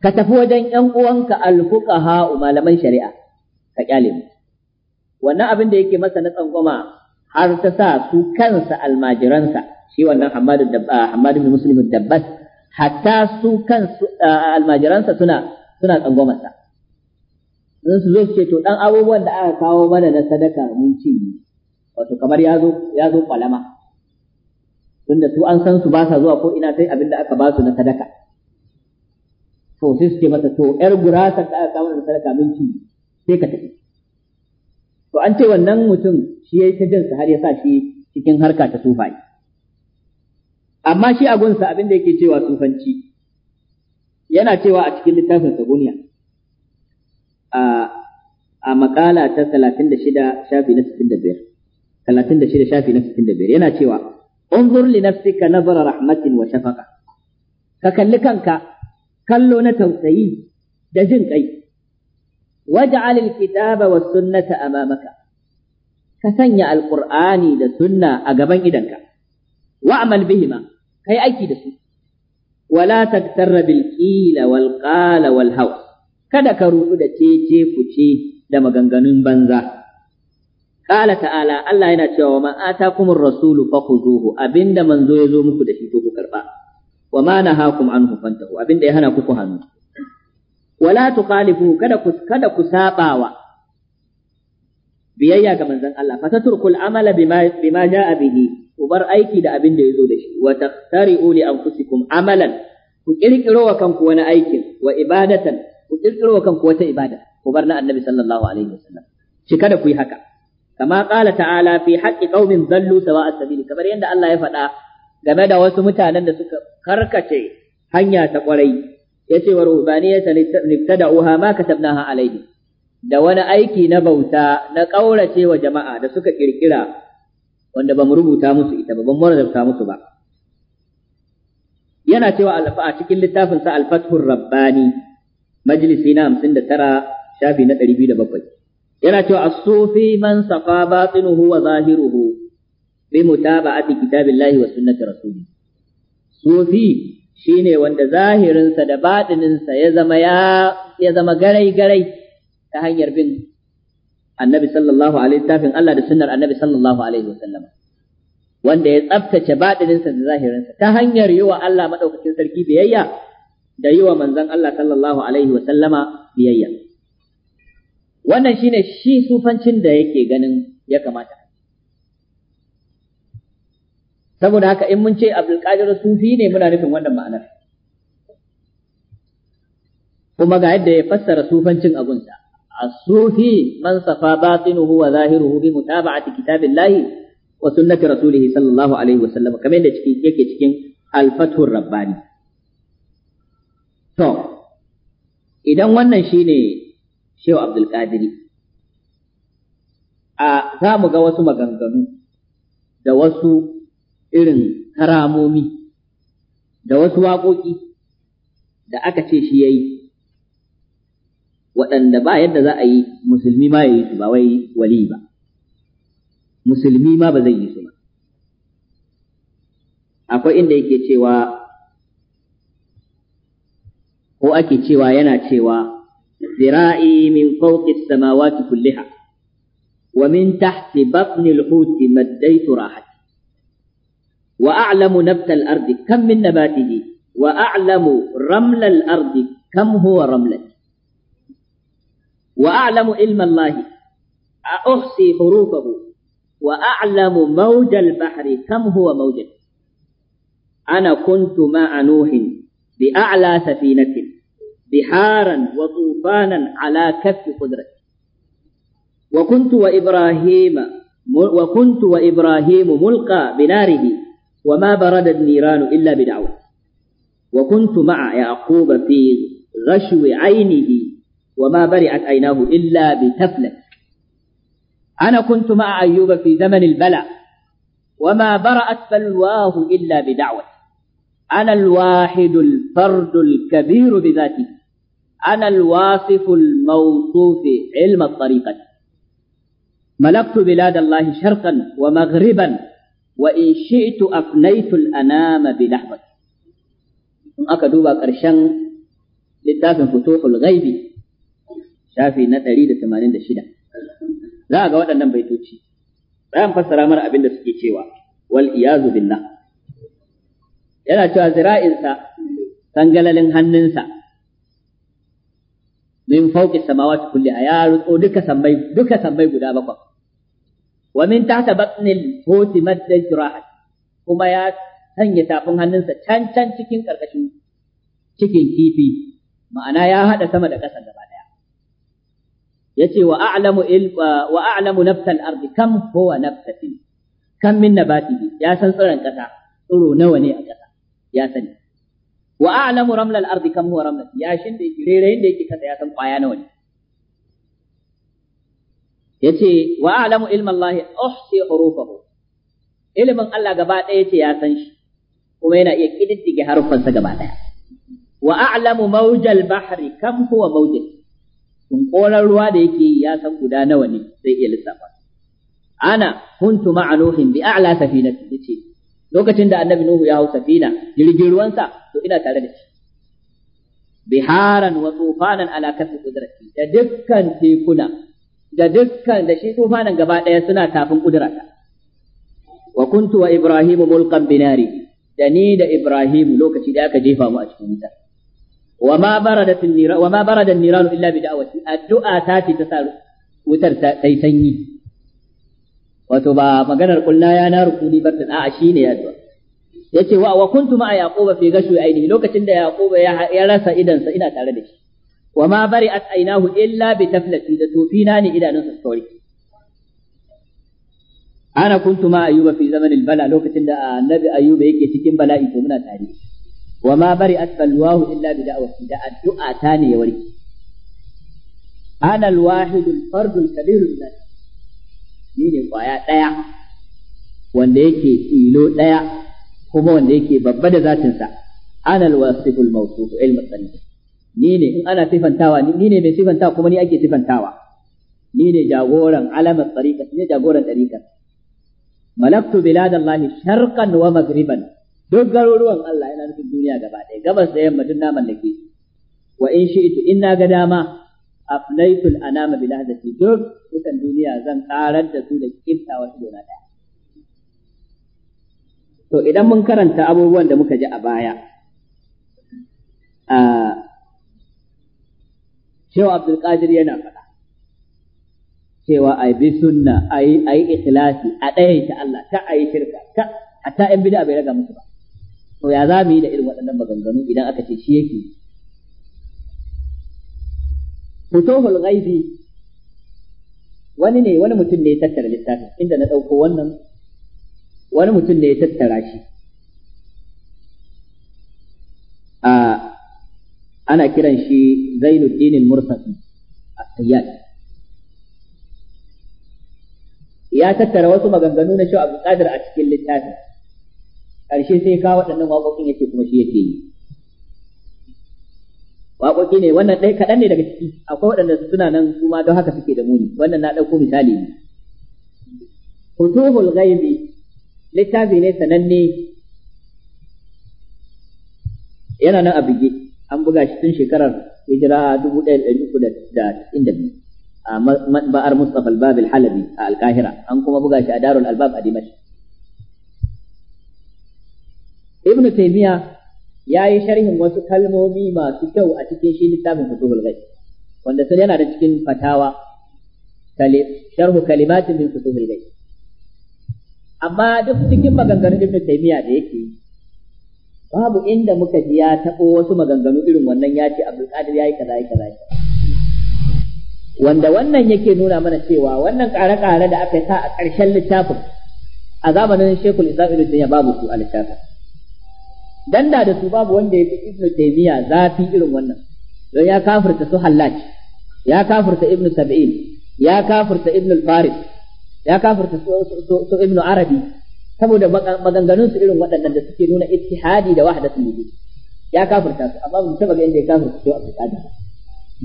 ka tafi wajen ƴan uwanka alfuqaha malaman shari'a ka kyale mu wannan abin da yake masa na tsangwama har ta sa su kansa almajiransa shi wannan Hammadu ah, Hammadu bin Muslim Dabbas hatta su kansu ah, almajiransa suna suna tsangwamarsa sun su zo su ce to dan abubuwan da aka kawo mana na sadaka mun ci wato kamar ya zo ya zo kwalama tunda su an san su ba sa zuwa ko ina sai abin da aka ba su na sadaka to sai su ce masa to yar gurasa ka aka kawo da sadaka ci sai ka tafi to an ce wannan mutum shi yayi ta jin har ya sa shi cikin harka ta sufai amma shi a gunsa abin da yake cewa sufanci yana cewa a cikin littafin sabuniya a a makala ta 36 shafi na 65 36 shafi na 65 yana cewa انظر لنفسك نظر رحمة وشفقة فكل كنك كلنا توسعي دجن كي واجعل الكتاب والسنة أمامك كسنع القرآن دا سنة أقبان إدنك وأعمل بهما كي أيكي دسو ولا تكتر بالكيل والقال والهوى kada ka ruɗu da cece kuce da maganganun banza Kala ta'ala Allah yana cewa wa ma'ata kumur rasulu fa khuzuhu abinda manzo ya zo muku da shi to ku karba wa ma nahakum anhu fantahu abinda ya hana ku hannu wala tukhalifu kada kada ku sabawa biyayya ga manzon Allah fa tatrukul amala bima bima bihi ku bar aiki da abinda ya zo da shi wa tahtari'u li anfusikum amalan ku kirkiro wa kanku wani aikin wa ibadatan ku wa kanku wata ibada ku bar na annabi sallallahu alaihi wasallam shi kada haka kama qala ta'ala fi haqqi qaumin dallu sawa'a sabili kamar yadda Allah ya faɗa game da wasu mutanen da suka karkace hanya ta kwarai yace wa da nibtada'uha ma katabnaha alaihim da wani aiki na bauta na ƙaurace wa jama'a da suka ƙirƙira wanda ba mu rubuta musu ita ba ban rubuta musu ba yana cewa a cikin littafin sa alfathur rabbani majlisi na 59 shafi na 207 yana cewa as-sufi man safa batinuhu wa zahiruhu bi mutaba'ati kitabillahi wa sunnati rasuli sufi shine wanda zahirinsa da batininsa ya zama ya ya zama garai garai ta hanyar bin annabi sallallahu alaihi tafin Allah da sunnar annabi sallallahu alaihi wasallam wanda ya tsabtace batininsa da zahirinsa ta hanyar yi wa Allah madaukakin sarki biyayya da yi wa manzon Allah sallallahu alaihi wasallama biyayya wannan shi ne shi sufancin da yake ganin ya kamata saboda haka in mun ce abdulkadir sufi ne muna nufin wannan ma'anar kuma ga yadda ya fassara sufancin abunsa a sufi man safa batinuhu wa zahiruhu bi mutaba'ati kitabillahi wa sunnati rasulih sallallahu alaihi wa sallam kamar yadda cikin yake cikin alfatun rabbani to idan wannan shi ne. Shehu Abdul Qadiri a za mu ga wasu maganganu da wasu irin karamomi da wasu waƙoƙi da aka ce shi yayi waɗanda ba yadda za a yi musulmi ma ya yi su ba wai wali ba musulmi ma ba zai yi su ba akwai inda yake cewa ko ake cewa yana cewa ذرائي من فوق السماوات كلها ومن تحت بطن الحوت مديت راحتي وأعلم نبت الأرض كم من نباته وأعلم رمل الأرض كم هو رملتي وأعلم علم الله أحصي حروفه وأعلم موج البحر كم هو موجه أنا كنت مع نوح بأعلى سفينة بحارا وطوفانا على كف قدرتي وكنت وإبراهيم وكنت وإبراهيم ملقى بناره وما بردت النيران إلا بدعوة وكنت مع يعقوب في غشو عينه وما برئت عيناه إلا بتفلة أنا كنت مع أيوب في زمن البلاء وما برأت بلواه إلا بدعوة أنا الواحد الفرد الكبير بذاته أنا الواصف الموصوف علم الطريقة ملكت بلاد الله شرقا ومغربا وإن شئت أفنيت الأنام بلحظة أكدوبا كرشان لتاف فتوح الغيب شافي نتري دا ثمانين دا لا أقول أنهم بيتوتي لا أمفسر أمر أبن دا والإياذ بالله يلا تو أزرائنسا تنجل لنهننسا min fawqi samawati kulliha ya rutso duka sammai duka sammai guda bakwai wa min tahta batnil huti madda jirahat kuma ya sanya tafin hannunsa can can cikin karkashin cikin kifi ma'ana ya hada sama da ƙasa gaba daya yace wa a'lamu il wa a'lamu nafsal ardi kam huwa nafsatin kam min nabatihi ya san tsaron ƙasa tsiro nawa ne a ƙasa ya sani wa a'lamu ramlal ardi kam huwa ramlat yashin da yake rairayin da yake kasa ya san kwaya nawa ne yace wa a'lamu ilma Allah uhsi hurufahu ilimin Allah gaba ɗaya ce ya san shi kuma yana iya kididdige harufansa gaba ɗaya wa a'lamu mawjal bahri kam huwa mawjal tunkolar ruwa da yake ya san guda nawa ne zai iya lissafa ana kuntu ma'a nuhin bi a'la safinati yace lokacin da annabi nuhu ya hau safina jirgin ruwansa to ina tare da shi biharan wa tufanan ala kasbi qudrati da dukkan tekuna da dukkan da shi tufanan gaba ɗaya suna tafin kudrata wa kuntu wa ibrahimu mulqan binari da ni da ibrahimu lokaci da aka jefa mu a cikin wuta wa ma barada an-niran wa ma barada an illa bi da'wati addu'a ta ce ta sa wutar ta yi sanyi wato ba maganar kulna ya na rukuni da a shi ne addu'a yace wa wa kuntu ma'a yaquba fi gashu ainihi lokacin da yaquba ya rasa sa ina tare da shi wa ma bari'at ainahu illa bi taflati da tufina ne idanunsa sauri ana kuntu ma ayyuba fi zamanil bala lokacin da annabi ayuba yake cikin bala'i to muna tare wa ma bari'at balwahu illa bi da'wati da addu'a ta ne ya warke ana alwahidul fardul kabirul nas ne kwaya ɗaya wanda yake ilo ɗaya kuma wanda yake babba da zatinsa ana alwasiful mawsuf ilmu tsanni ni ne in ana sifantawa ni ne mai sifantawa kuma ni ake sifantawa ni ne jagoran alamar tsarika ni jagoran tsarika malaktu lahi sharqan wa magriban duk garuruwan Allah yana nufin duniya gaba ɗaya gabas da yamma duk na mallake wa in shi'tu in na ga dama aflaitul anama bi lahzati duk dukan duniya zan karar da su da kinta wasu na daya to idan mun karanta abubuwan da muka ji a baya a cewa Abdul Qadir yana faɗa cewa ai bi sunna ai ai ikhlasi a ɗaya ta Allah ta ai shirka ta hatta in bid'a bai raga musu ba to ya za yi da irin waɗannan maganganu idan aka ce shi yake futuhul ghaibi wani ne wani mutum ne ya tattara littafin inda na ɗauko wannan wani mutum ne ya tattara shi a ana kiran shi Zainuddin dinin mursafi a sayyad ya tattara wasu maganganu na shi Abdul Qadir a cikin littafin ƙarshe sai ka waɗannan waƙoƙin yake kuma shi yake yi waƙoƙi ne wannan ɗaya kaɗan ne daga ciki akwai waɗanda suna nan kuma don haka suke da muni wannan na ɗauko misali ne futuhul ghaibi littafi ne sananne yana nan a bige an buga shi tun shekarar hijira dubu ɗaya da uku da inda biyu a ba'ar Mustapha al alhalabi a alkahira an kuma buga shi a Darul Albab a dimashi ibnu Taymiyyah ya yi sharhin wasu kalmomi masu kyau a cikin shi littafin fusuhul ghaib wanda sun yana da cikin fatawa sharhu kalimatin min fusuhul ghaib amma duk cikin maganganun ibn taymiya da yake yi babu inda muka ji ya taɓo wasu maganganu irin wannan ya ce abdul qadir yayi kaza yayi kaza wanda wannan yake nuna mana cewa wannan ƙare-ƙare da aka yi sa a ƙarshen littafin a zamanin shekul islam ibn babu su a littafin dan da da su babu wanda yake ibnu taymiya zafi irin wannan don ya kafirta su hallaj ya kafirta ibnu sab'in ya kafirta ibnu al farid ya kafirta su ibnu arabi saboda maganganun su irin waɗannan da suke nuna ittihadi da wahdatul ne ya kafirta su amma ba taba ga inda ya kafirta su Abdul Qadir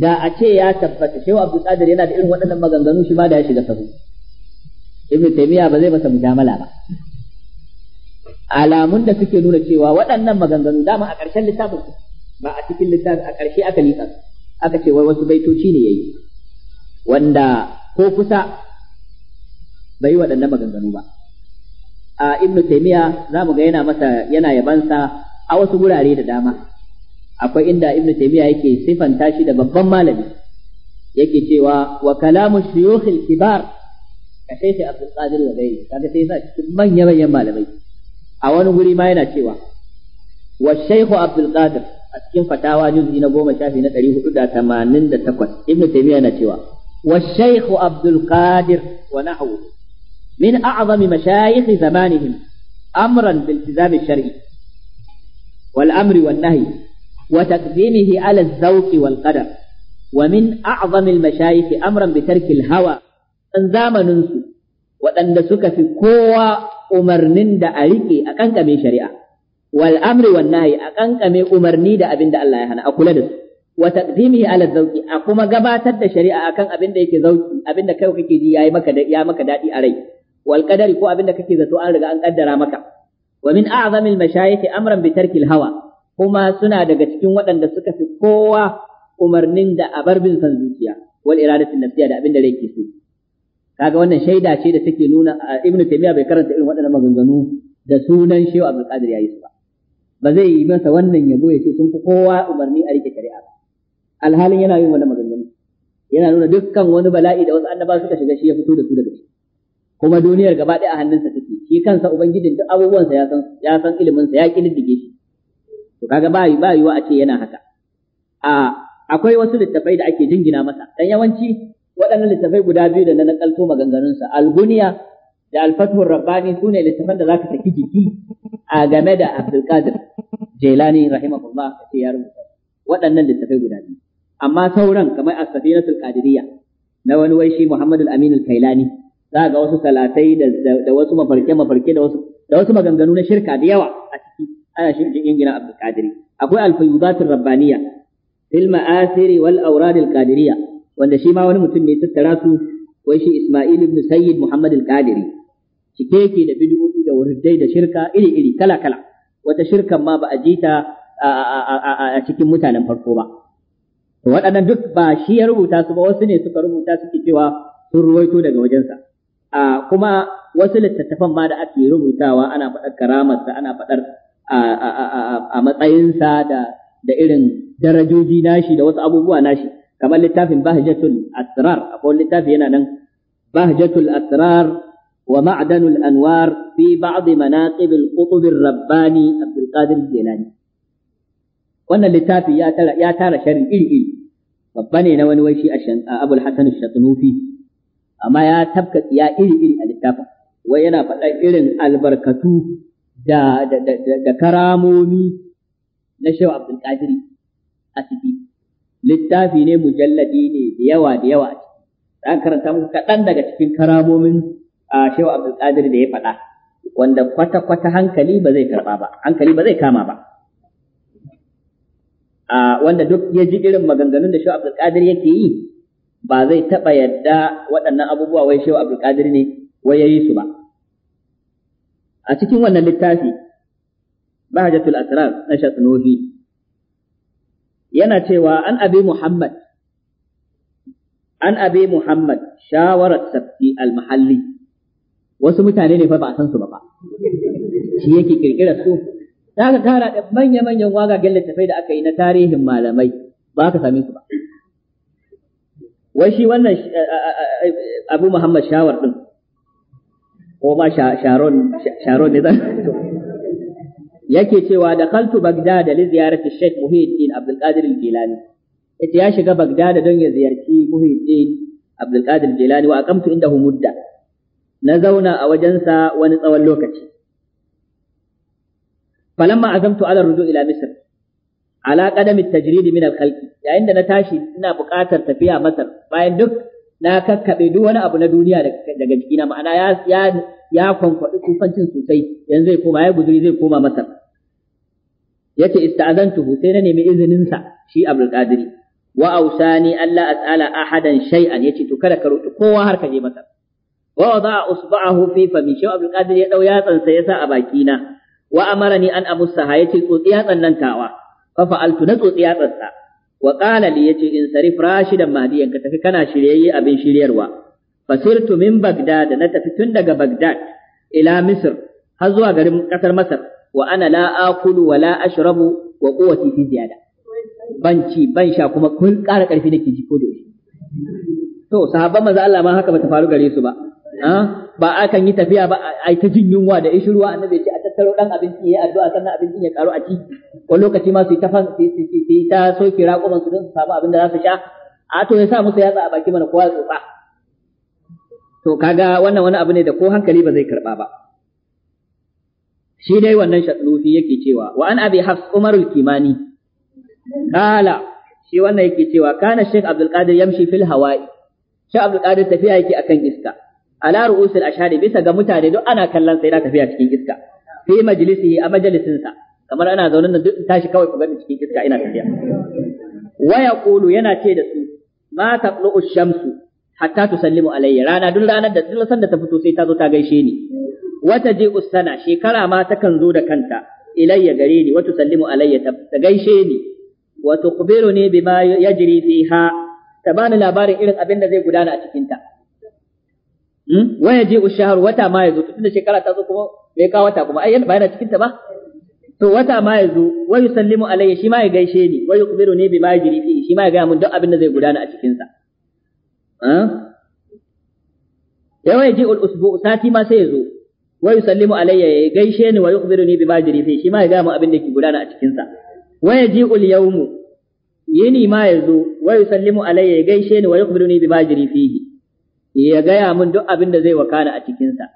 da a ce ya tabbata shi Abdul Qadir yana da irin waɗannan maganganun shi ma da ya shiga sabu Ibn taymiya ba zai masa mujamala ba alamun da suke nuna cewa waɗannan maganganu dama a ƙarshen littafin ba a cikin littafin a ƙarshe aka liƙa aka ce wai wasu baitoci ne yayi wanda ko kusa bai waɗannan maganganu ba a ibn taymiya zamu ga yana masa yana yabansa a wasu gurare da dama akwai inda ibn taymiya yake sifanta shi da babban malami yake cewa wa kalamu shuyukhil kibar ka sai abdul qadir wa dai kaga sai yasa cikin manyan manyan malamai a wani guri ma yana cewa wa shaykhu abdul qadir a cikin fatawa juz'i na goma shafi na ɗari hudu da tamanin da takwas ibnu taymiya yana cewa wa shaykhu abdul qadir wa nahwu min a'zami mashayikh zamanihim amran bil iltizam shar'i wal amri wan nahyi wa taqdimihi ala az-zawqi wal qadar wa min a'zami al mashayikh amran bi tarki al hawa dan zamanin su waɗanda suka fi kowa umarnin da a riƙe a kankame shari'a wal amri wan a ƙanƙame umarni da abin da Allah ya hana a kula da su wa taqdimihi ala zawqi a kuma gabatar da shari'a akan abin da yake zauki abin da kai kake ji yayi maka ya maka dadi a rai wal qadari ko abin da kake zato an riga an kaddara maka wa min a'zamil mashayikh amran bi tarkil hawa kuma suna daga cikin waɗanda suka fi kowa umarnin da a bar bin san zuciya wal iradatin nafsiya da abin da rai so kaga wannan shaida ce da take nuna ibnu taymiya bai karanta irin waɗannan maganganu da sunan shehu abdul qadir yayi su ba ba zai yi masa wannan yabo ya ce sun fi kowa umarni a rike shari'a alhalin yana yin wannan maganganu yana nuna dukkan wani bala'i da wasu annaba suka shiga shi ya fito da su daga ciki kuma duniyar gaba ɗaya a hannunsa take shi kansa ubangijin duk abubuwansa ya san ya san ilimin sa ya kididdige shi to kaga ba ba yiwa a ce yana haka a akwai wasu littafai da ake jingina masa dan yawanci waɗannan littafai guda biyu da na nakalto maganganunsa alguniya da alfathur rabbani sune littafan da zaka saki jiki a game da abdul qadir jailani rahimahullah kace ya rubuta waɗannan littafai guda biyu amma sauran kamar as-safinatul qadiriyya na wani wai shi muhammadul amin kailani za ga wasu salatai da wasu mafarke mafarke da wasu da wasu maganganu na shirka da yawa a ciki ana shi ingina abdul qadiri akwai al-fuyudatul rabbaniyya fil ma'asiri wal awradil qadiriyya wanda shi ma wani mutum ne tattara su wai shi Isma'il ibn Sayyid Muhammad al-Qadiri cike yake da bid'o'i da wurdai da shirka iri-iri kala-kala wata shirka ma ba a jita a cikin mutanen farko ba waɗannan duk ba shi ya rubuta su ba wasu ne suka rubuta suke cewa sun ruwaito daga wajensa kuma wasu littattafan ma da ake rubutawa ana faɗar karamarsa ana faɗar a matsayinsa da irin darajoji nashi da wasu abubuwa nashi kamar littafin bahjatul asrar akwai littafi yana nan bahjatul asrar wa ma'danul anwar fi ba'd manaqib al-qutub ar-rabbani Abdul Qadir Jilani wannan littafi ya tara ya iri iri babba wani waishi a Abul Hasan ash amma ya tabka ya iri iri a littafin wai yana faɗa irin albarkatu da karamomi na littafi ne mujalladi ne da yawa da yawa a karanta muku kaɗan daga cikin karamomin a shehu abdul qadir da ya faɗa wanda kwata kwata hankali ba zai karɓa ba hankali ba zai kama ba a wanda duk ya ji irin maganganun da shehu abdul qadir yake yi ba zai taɓa yadda waɗannan abubuwa wai shehu abdul qadir ne wai ya yi su ba a cikin wannan littafi bahajatul asrar na shatnuhi yana cewa an abi Muhammad an abi Muhammad shawarar sabti al-mahalli wasu mutane ne fa ba san su ba shi yake kirkirar su ta ka tara da manya-manyan wagagen littattafai da aka yi na tarihin malamai ba ka same su ba wai shi wannan eh, eh, eh, abu Muhammad shawar ɗin, ko ba sharon sharon ne zan yake cewa da kaltu Baghdad li ziyarati sheikh muhyiddin abdul qadir al-jilani yace ya shiga Baghdad don ya ziyarci muhyiddin abdul qadir al-jilani wa aqamtu indahu mudda na zauna a wajensa wani tsawon lokaci falamma azamtu ala rudu ila misr ala qadami at-tajrid min al-khalq yayin da na tashi ina buƙatar tafiya masar bayan duk na kakkabe duk wani abu na duniya daga jikina ma'ana ya ya ya kwankwaɗi kusancin sosai yanzu zai koma ya guduri zai koma masar yace ista'azantuhu sai na nemi izinin sa shi Abdul Qadiri wa awsani alla as'ala ahadan shay'an yace to kada ka roki kowa har ka je masa wa wada'a usba'ahu fi fami shi Abdul Qadiri ya dau yatsan sa yasa a baki na wa amarani an amussaha yace tsotsi yatsan nan tawa fa fa'altu na tsotsi yatsan wa qala li yace in sarif rashidan mahdiyan ka tafi kana shiryayye abin shiryarwa fasirtu min bagdad na tafi tun daga bagdad ila misr har zuwa garin kasar masar wa ana la akulu wa la ashrabu wa quwwati fi ziyada ban ci ban sha kuma kun ƙara ƙarfi nake ji ko da to sahabban manzo Allah ma haka bata faru gare su ba ah, ba a kan yi tafiya ba ai ta jin yunwa da ishirwa annabi ya ce a tattaro dan abinci yayi addu'a sannan abincin ya karu a ci wani lokaci ma su ta fa su su ta soke raƙuman su don su samu abin da za su sha a to ya sa musu yatsa a baki mana kowa ya tsoka. to kaga wannan wani abu ne da ko hankali ba zai karba ba shi dai wannan shatlufi yake cewa wa an abi hafs umar al-kimani Kala" shi wannan yake cewa kana shaykh abdul qadir yamshi fil hawa'i shaykh abdul qadir tafiya yake akan iska ala ru'us al-ashhari bisa ga mutane duk ana kallon sai na tafiya cikin iska fi majlisihi a majalisinsa kamar ana zaune da duk tashi kawai ku gani cikin iska ina tafiya wa yaqulu yana ce da su ma taqlu ash-shamsu hatta tusallimu alayya rana duk ranar da duk san da ta fito sai ta zo ta gaishe ni wata ji usana shekara ma takan zo da kanta ilayya gare ni wa sallimu alayya ta gaishe ni wa bi ma yajri fiha ta bani labarin irin abin da zai gudana a cikin ta hmm? wa yaji ushar wata ma yazo tunda shekara ta zo kuma bai ka wata kuma ai ba yana cikin ta ba to wata ma yazo wa yusallimu alayya shi ma ya gaishe ni wa bi ma yajri fi shi ma ya ga mun duk abin da zai gudana a cikin sa hmm? yawa yaji ul usbu sati ma sai yazo wa yusallimu alayya ya gaishe ni wa yukhbiruni bima jiri fi shi ma ya ga mu abin da ke gudana a cikin sa wa ul yawmu yini ma yazo wa yusallimu alayya ya gaishe ni wa yukhbiruni bima jiri fi ya gaya mun duk abin da zai wakana a cikin sa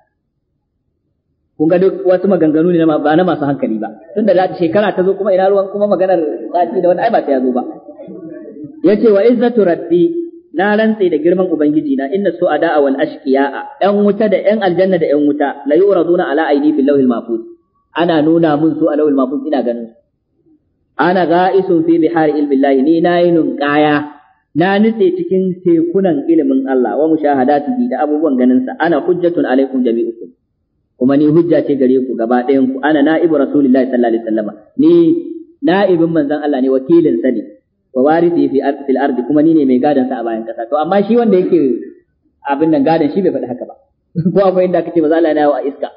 kun ga duk wasu maganganu ne ba na masu hankali ba tunda da shekara ta zo kuma ina ruwan kuma maganar zaki da wani ai ba ta yazo ba yace wa izzatu rabbi na rantse da girman ubangiji na inna su'ada wal ashqiya'a yan wuta da yan aljanna da yan wuta la yuraduna ala aini fil lawhil mahfuz ana nuna mun su a lawhil mahfuz ina ganin ana ga'isun fi bihari ilmillahi ni nayi kaya na nutse cikin tekunan ilimin Allah wa mushahadatihi da abubuwan ganin sa ana hujjatun alaikum jami'ukum kuma ni hujja ce gare ku gaba ɗayan ku ana na'ibu rasulillahi sallallahu alaihi wasallama ni na'ibin manzon Allah ne wakilin sa ne wa waridi fi fil ardi kuma ni ne mai gadon sa a bayan kasa to amma shi wanda yake abin nan gadon shi bai faɗi haka ba ko akwai inda kace ba za la yawo a iska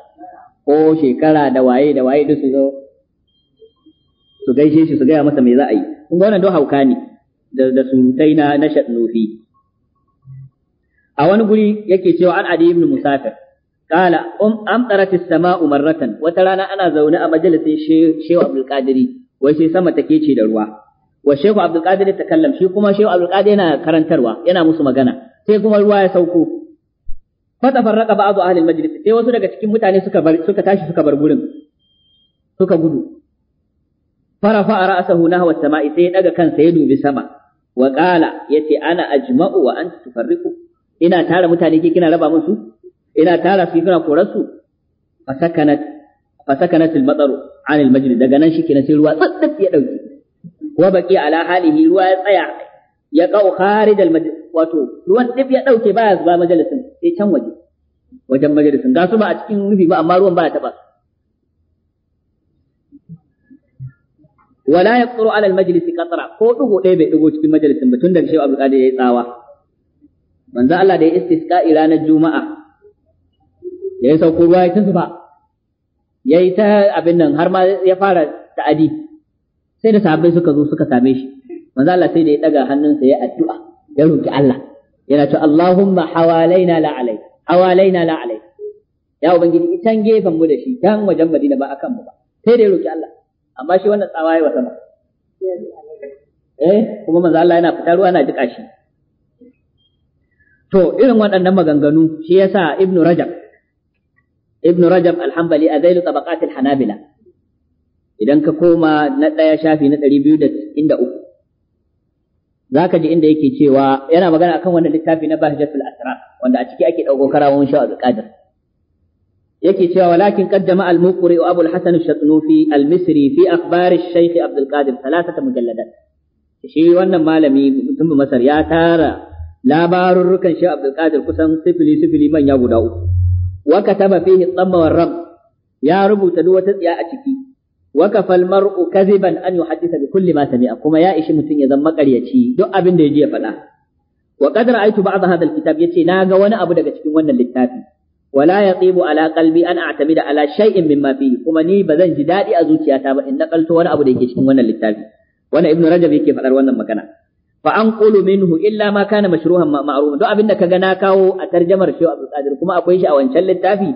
ko shekara da waye da waye duk su zo su gaishe shi su gaya masa me za a yi kun ga wannan don hauka ne da surutai na na nufi. a wani guri yake cewa an adi ibn musafir um, Wata rana, ana zaune a majalisin shehu زونا qadiri wai sai sama take ce da ruwa. wa shehu abdul qadir takallam shi kuma shehu abdul yana karantarwa yana musu magana sai kuma ruwa ya sauko fa tafarraqa ba'du ahli majlis sai wasu daga cikin mutane suka bar suka tashi suka bar gurin suka gudu farafa ra'sahu nahwa as-sama'i sai daga kansa ya dubi sama wa qala yace ana ajma'u wa anta tufarriqu ina tara mutane ke kina raba musu ina tara su kina korarsu majlis daga nan shi ruwa ya wa baki ala halihi ruwa ya tsaya ya kau kharij al wato ruwan dib ya dauke baya ba majalisin sai can waje wajen majalisin ga su ba a cikin rufi ba amma ruwan ba ya taba wala yaqru ala al majlisi qatra ko dugo ɗaya bai dugo cikin majalisin ba tun daga shehu abdul qadir yayi tsawa manzo Allah da ya istisqa'i ranar juma'a ya yi sauko ruwa ya ta ba, ya yi ta abin nan har ma ya fara ta'adi sai da sahabbai suka zo suka same shi manzo Allah sai da ya daga hannunsa ya addu'a ya roki Allah yana cewa Allahumma hawalaina la alai hawalaina la alai ya ubangiji itan gefen mu da shi dan wajen Madina ba akan mu ba sai da ya roki Allah amma shi wannan tsawa ya wasa ba. eh kuma manzo Allah yana fitar ruwa yana jika shi to irin waɗannan maganganu shi yasa Ibn rajab Ibn rajab al-hanbali a zailu tabaqatil hanabila idan ka koma na ɗaya shafi na ɗari biyu da inda uku za ka ji inda yake cewa yana magana akan wannan littafi na bahjatul asrar wanda a ciki ake ɗauko karawon sha al-qadir yake cewa walakin qaddama al-muqri wa abul hasan ash-shatnufi al-misri fi akhbar ash-shaykh abdul qadir thalathata mujalladat shi wannan malami mutumin masar ya tara labarurrukan shi abdul qadir kusan sifili sifili manya guda uku wa kataba fihi tsamma war ya rubuta duk wata tsiya a ciki wa kafal mar'u an yuhaddisa bi kulli ma sami'a kuma ya ishi mutum ya zama makaryaci duk abin ya yaji ya faɗa wa qad ra'aytu ba'd kitab ya ce na ga wani abu daga cikin wannan littafi wala yaqibu ala qalbi an a'tamida ala shay'in mimma fihi kuma ni ba zan ji daɗi a zuciyata ba in nakalto wani abu da yake cikin wannan littafi wannan ibnu rajab yake faɗar wannan magana fa anqulu minhu illa ma kana mashruhan ma'ruf duk abin da ga na kawo a tarjamar Shehu Abdul kuma akwai shi a wancan littafi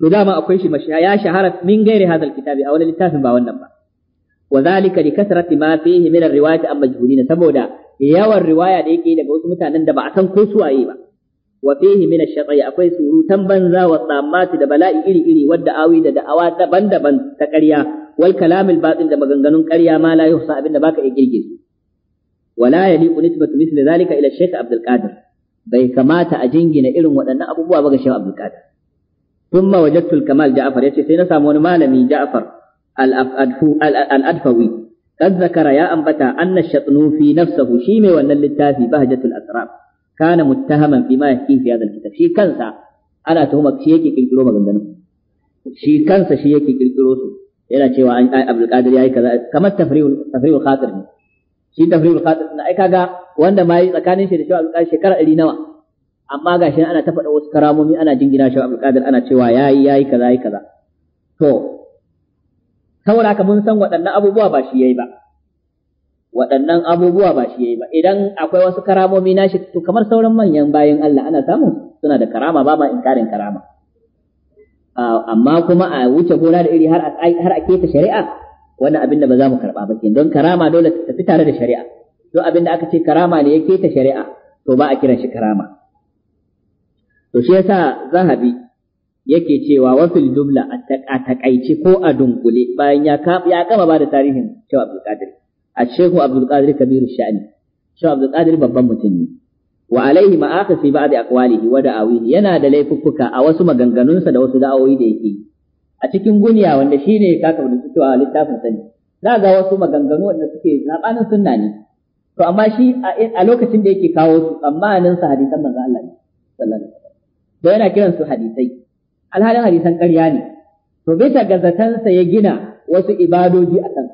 to dama akwai shi ya shahara min gairi hadal kitabi a wani littafin ba wannan ba wa zalika li kasrati ma fihi min ar-riwayati am majhulina saboda yawan riwaya da yake daga wasu mutanen da ba a san ko su waye ba wa fihi min ash-shatai akwai surutan banza wa tsammati da bala'i iri iri wadda awi da da'awa daban-daban ta ƙarya wal kalamil batil da maganganun ƙarya ma la yuhsa abinda baka iya girgizu wala yaliqu nisbatu mithli zalika ila shaykh abdul qadir bai kamata a jingina irin waɗannan abubuwa ba ga shaykh abdul thumma wajadtu al-kamal ja'far yace sai na samu wani malami ja'far al قد ذكر يا أنبتا أن الشطنوفي نفسه شيمي وأن للتافي بهجة الأسرار كان متهما فيما يحكيه في هذا الكتاب شي كنسا أنا تهمك شيكي كيلو مغندنا شي كنسا شيكي كيلو yana cewa an ai Abdul Qadir yayi kaza kamar tafriul tafriul khatir ne shi tafriul khatir na ai kaga wanda mai tsakanin shi da shekara 100 nawa amma ga shi ana ta faɗa wasu karamomi ana jingina shi Abdul Qadir ana cewa yayi yayi kaza yayi kaza to saboda haka mun san waɗannan abubuwa ba shi yayi ba waɗannan abubuwa ba shi yayi ba idan akwai wasu karamomi nashi to kamar sauran manyan bayan Allah ana samu suna da karama ba ma inkarin karama amma kuma a wuce gona da iri har har a keta shari'a wannan abin da ba za mu karɓa ba don karama dole ta tafi tare da shari'a don abin da aka ce karama ne ya keta shari'a to ba a kiran shi karama to shi yasa zahabi yake cewa wasil jumla a takaice ko a dunkule bayan ya ya kama ba da tarihin Shehu Abdul Qadir a Shehu Abdul Qadir kabiru sha'ani Shehu Abdul Qadir babban mutum ne wa alaihi fi ba'd aqwalihi wa da'awihi yana da laifuffuka a wasu maganganunsa da wasu da'awoyi da yake a cikin guniya wanda shi ne ka kafa da cewa littafin sani Na ga wasu maganganu wanda suke sabanin sunna ne to amma shi a lokacin da yake kawo su tsammanin sa hadisan manzo Allah sallallahu alaihi da yana kiran su hadisai alhalin hadisan ƙarya ne to bisa ga zatansa ya gina wasu ibadoji a kan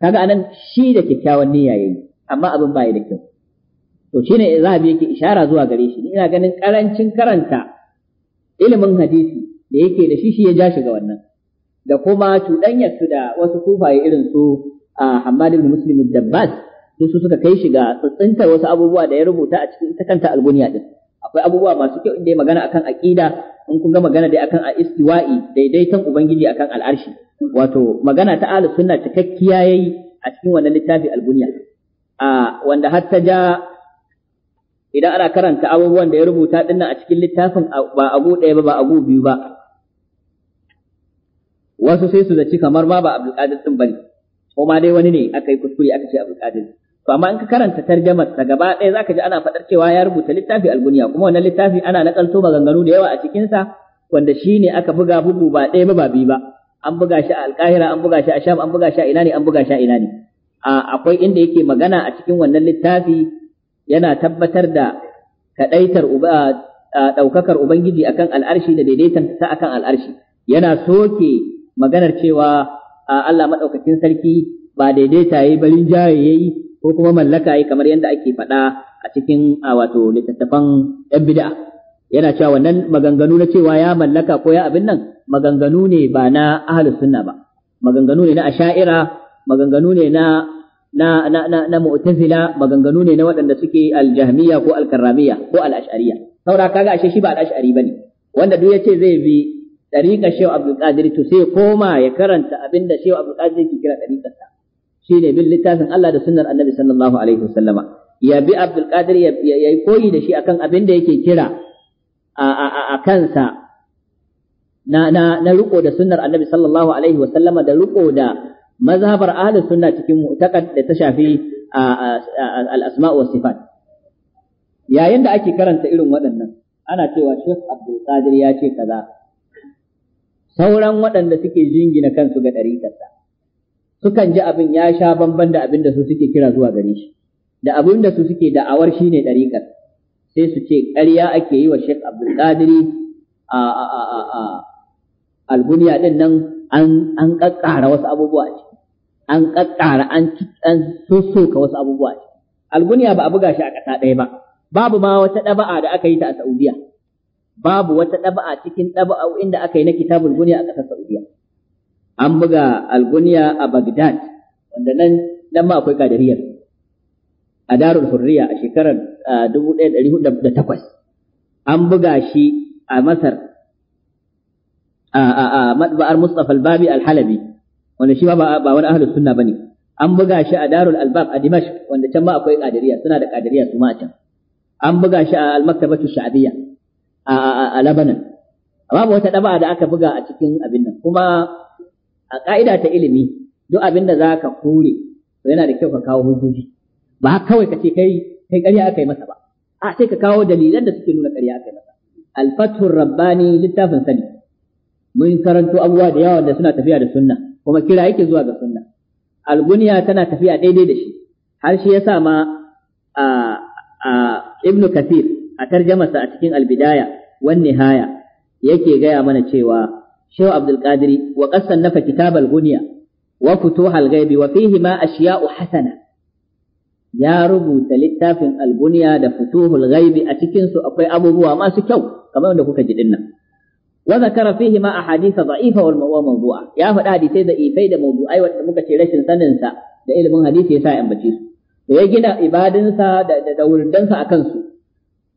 kaga anan shi da kyakkyawan niyya yayi amma abin ba da kyau to shine zahabi yake ishara zuwa gare shi ina ganin karancin karanta ilimin hadisi da yake da shi shi ya ja shi ga wannan da kuma cuɗanyar su da wasu sufaye irin su a Hammad ibn Muslim dabbas su suka kai shi ga tsintsintar wasu abubuwa da ya rubuta a cikin ita kanta algunya din akwai abubuwa masu kyau inda magana akan aqida in kun ga magana dai akan istiwa'i daidaiton ubangiji akan al'arshi wato magana ta ahlus sunna cikakkiya yayi a cikin wannan littafi al-bunya a wanda har ta ja idan ana karanta abubuwan da ya rubuta dinnan a cikin littafin ba abu ɗaya ba ba abu biyu ba wasu sai su zaci kamar ma ba qadir din bane ko ma dai wani ne aka yi kuskure aka ce din to amma in ka karanta tarjamar ta gaba ɗaya za ka ji ana faɗar cewa ya rubuta littafi algunya kuma wannan littafi ana nakalto maganganu da yawa a cikinsa sa wanda shine aka buga bugu ba ɗaya ba ba biyu ba an buga shi a alƙahira an buga shi a sham an buga shi a ina ne an buga shi a ina ne akwai inda yake magana a cikin wannan littafi yana tabbatar da kadaitar uba daukakar ubangiji akan al'arshi da daidaitan ta akan al'arshi yana soke maganar cewa Allah madaukakin sarki ba daidaita yayi barin jaye yayi ko kuma mallaka yi kamar yadda ake faɗa a cikin a wato littattafan yan bid'a yana cewa wannan maganganu na cewa ya mallaka ko ya abin nan maganganu ne ba na ahlus sunna ba maganganu ne na asha'ira maganganu ne na na na na, na mu'tazila maganganu ne na waɗanda suke aljahmiya ko alkarramiya ko al'ashariya saura kaga ashe shi ba al'ashari bane wanda duk yace zai bi dariƙa Shehu Abdul Qadir to sai koma ya karanta abinda Shehu Abdul Qadir ke kira dariƙarsa ne bin littafin Allah da sunnar Annabi sallallahu alaihi wasallama ya bi Abdul Qadir ya yi koyi da shi akan abin da yake kira a kansa na na na riko da sunnar Annabi sallallahu alaihi wasallama da riko da mazhabar ahli sunna cikin mu'taqad da ta shafi al-asma' wa sifat yayin da ake karanta irin waɗannan ana cewa Sheikh Abdul Qadir ya ce kaza sauran waɗanda suke jingina kansu ga ɗariƙarsa sukan ji abin ya sha bamban da abin da su suke kira zuwa gare shi da abin da su suke da'awar shi ne ɗariƙar sai su ce ƙarya ake yi wa Sheikh Abdul Qadiri a albuniya din nan an ƙaƙƙara wasu abubuwa ce an ƙaƙƙara, an an sosoka wasu abubuwa ce albuniya ba a buga shi a ƙasa ɗaya ba babu ma wata ɗaba'a da aka yi ta a Saudiya babu wata ɗaba'a cikin ɗaba'a inda aka yi na kitabul guniya a ƙasar Saudiya an buga Alguniya a Baghdad wanda nan nan ma akwai kadariyar a Darul Hurriya a shekarar 1408 an buga shi a Masar a matba'ar Mustafa al-Babi al-Halabi wanda shi ba wani ahlus sunna bane an buga shi a Darul Albab a Dimashq wanda can ma akwai kadariya suna da kadariya su ma a can an buga shi a al-Maktabatu Sha'biyya a Lebanon babu wata daba da aka buga a cikin abin nan kuma a ƙa'ida ta ilimi duk abin da za ka kore to yana da kyau ka kawo hujjoji ba kawai ka ce kai kai ƙarya aka yi masa ba a sai ka kawo dalilan da suke nuna ƙarya aka yi masa alfathur rabbani littafin sani mun karanto abubuwa da yawa da suna tafiya da sunna kuma kira yake zuwa ga sunna alguniya tana tafiya daidai da shi har shi yasa ma a a ibnu kathir a tarjamarsa a cikin albidaya wani haya yake gaya mana cewa shehu abdul qadiri wa qad sannafa kitab al gunya wa futuh al ghaibi wa fihi ma ashiya'u hasana ya rubuta littafin al gunya da futuhul ghaibi a cikin akwai abubuwa masu kyau kamar da kuka ji dinna. wa zakara fihi ma ahadith da'ifa wal ya faɗa hadisai da ifai da mawdu'ai wanda muka ce rashin sanin sa da ilimin hadisi yasa ya ambace su to ya gina ibadinsa da da a kansu, su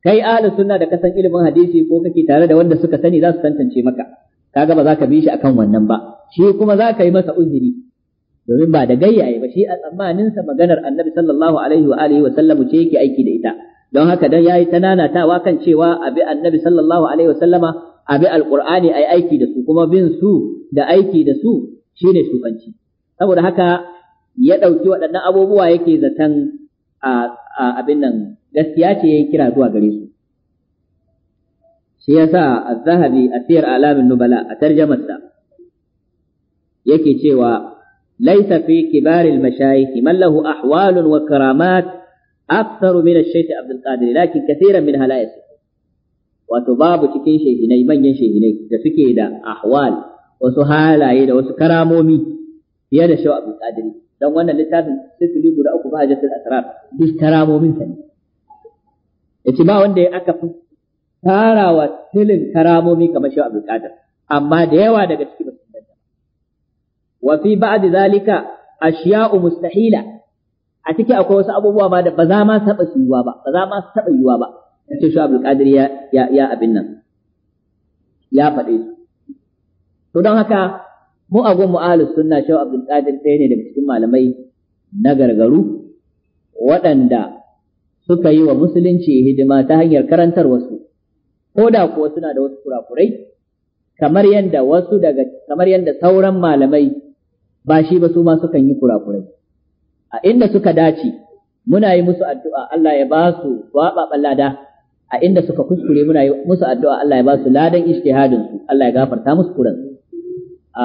kai ahlus sunna da kasan ilimin hadisi ko kake tare da wanda suka sani za su tantance maka kaga ba za ka bi shi akan wannan ba shi kuma za ka yi masa uzuri domin ba da gayyaye ba shi a tsammaninsa maganar annabi sallallahu alaihi wa alihi wa ce yake aiki da ita don haka dan yayi ta wa kan cewa abi annabi sallallahu alaihi wa sallama abi alqur'ani ai aiki da su kuma bin su da aiki da su shine shukanci saboda haka ya ɗauki waɗannan abubuwa yake zaton a abin nan gaskiya ce ya kira zuwa gare su shi yasa az-zahabi a siyar alamin nubala a tarjamarsa yake cewa laisa fi kibar al-mashayikh man lahu ahwal wa karamat akthar min ash-shaykh Abdul Qadir lakin kathiran min halayat wato babu cikin shehinai manyan shehinai da suke da ahwal wasu halaye da wasu karamomi fiye da shaw Abdul Qadir dan wannan littafin sifili guda uku ba ajatul asrar duk karamomin sa ne yace ba wanda aka fi wa tilin karamomi kamar shi Abdul Qadir amma da yawa daga cikin musulmai wa fi ba'd zalika ashiya'u mustahila a ciki akwai wasu abubuwa ma da ba za ma saba yiwuwa ba ba za ma saba yiwuwa ba yace shi Abdul Qadir ya ya abin nan ya faɗe su to don haka mu a gun mu'alus sunna shi Abdul Qadir ɗaya ne daga cikin malamai na gargaru waɗanda suka yi wa musulunci hidima ta hanyar karantar wasu ko da kuwa suna da wasu kurakurai kamar yadda wasu daga kamar yadda sauran malamai ba shi ba su ma sukan yi kurakurai a inda suka dace muna yi musu addu'a Allah ya ba su waɓaɓa lada a inda suka kuskure muna yi musu addu'a Allah ya ba su ladan ishtihadin su Allah ya gafarta musu kuran a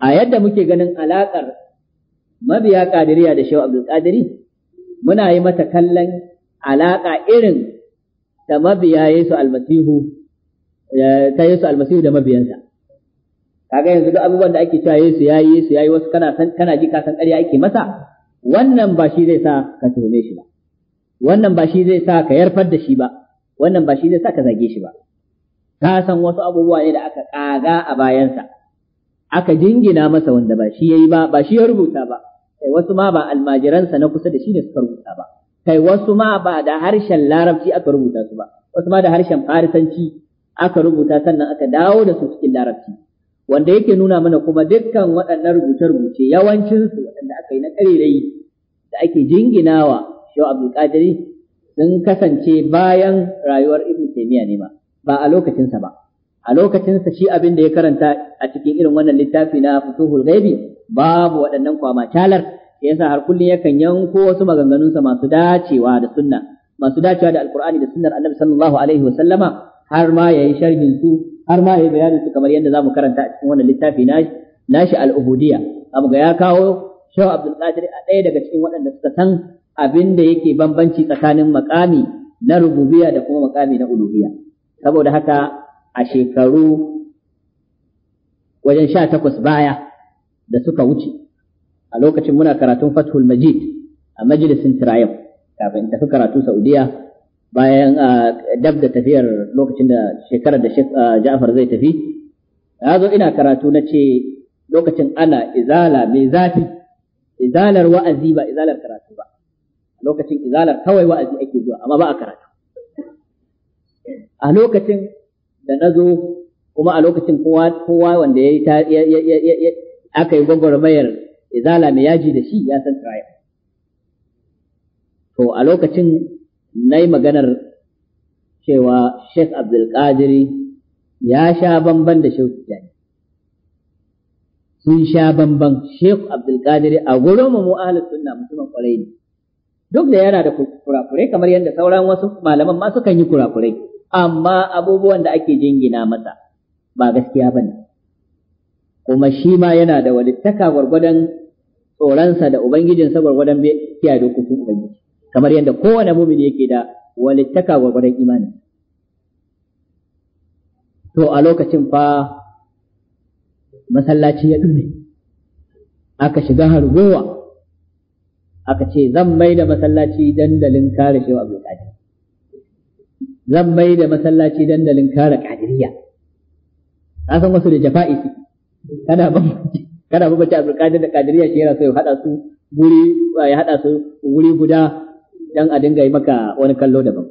a yadda muke ganin alaƙar mabiya kadiriya da shehu abdul kadiri muna yi mata kallon alaƙa irin da mabiya Yesu almasihu ta Yesu almasihu da mabiyansa kaga yanzu duk abubuwan da ake cewa Yesu yayi Yesu yayi wasu kana san kana ji ka san ƙarya ake masa wannan ba shi zai sa ka tuhume shi ba wannan ba shi zai sa ka yarfar da shi ba wannan ba shi zai sa ka zage shi ba ka san wasu abubuwa ne da aka kaga a bayansa aka jingina masa wanda ba shi yayi ba ba shi ya rubuta ba eh, wasu ma ba almajiransa na kusa da shi ne suka rubuta ba kai wasu ma ba da harshen larabci aka rubuta su ba wasu ma da harshen farisanci aka rubuta sannan aka dawo da su cikin larabci wanda yake nuna mana kuma dukkan waɗannan rubuce-rubuce yawancinsu waɗanda aka yi na ƙarerayi da ake jinginawa wa abdulkadiri sun kasance bayan rayuwar ibn taymiya ne ma ba a lokacinsa ba a lokacinsa shi abin da ya karanta a cikin irin wannan littafi na fusuhul ghaibi babu waɗannan kwamacalar talar yasa har kullum yakan yanko wasu maganganunsa masu dacewa da sunna masu dacewa da alqur'ani da sunnar annabi sallallahu alaihi wa sallama har ma yayi sharhin su har ma yayi bayanin su kamar yadda zamu karanta a cikin wannan littafi nashi nashi al-ubudiyya amma ga ya kawo Shehu Abdul Qadir a ɗaya daga cikin waɗanda suka san abin da yake bambanci tsakanin makami na rububiyya da kuma makami na uluhiyya saboda haka a shekaru wajen sha takwas baya da suka wuce a lokacin muna karatun Fathul Majid a majalisin Tirayim kafin tafi karatu Saudiya bayan dab da tafiyar lokacin da shekarar da Sheikh Ja'far zai tafi ya zo ina karatu na ce lokacin ana izala mai zafi izalar wa'azi ba izalar karatu ba lokacin izalar kawai wa'azi ake zuwa amma ba a karatu a lokacin da na zo kuma a lokacin kowa wanda ya aka yi gwagwarmayar izala mai yaji da shi ya san trial to a lokacin na yi maganar cewa Sheikh Abdul Qadir ya sha bamban da Sheikh Tijani sun sha bamban Sheikh Abdul Qadir a gurin mu ahlus sunna mutumin kwarai ne duk da yana da kurakurai kamar yadda sauran wasu malaman ma sukan yi kurakurai amma abubuwan da ake jingina masa ba gaskiya bane kuma shi ma yana da walittaka gwargwadon tsoronsa da ubangijinsa gwargwadon da dokokin ubangiji kamar yadda kowane mumini yake da walittaka gwargwadon imanin to a lokacin fa masallaci ya dume aka shiga hargowa aka ce zan mai da masallaci dandalin kare shewa abu kadir zan mai da masallaci dandalin kare kadiriya san wasu da jafa'i suke kana ba kana ba bace da kadiriya shi yana so ya hada su guri ya hada su guri guda dan a dinga yi maka wani kallo daban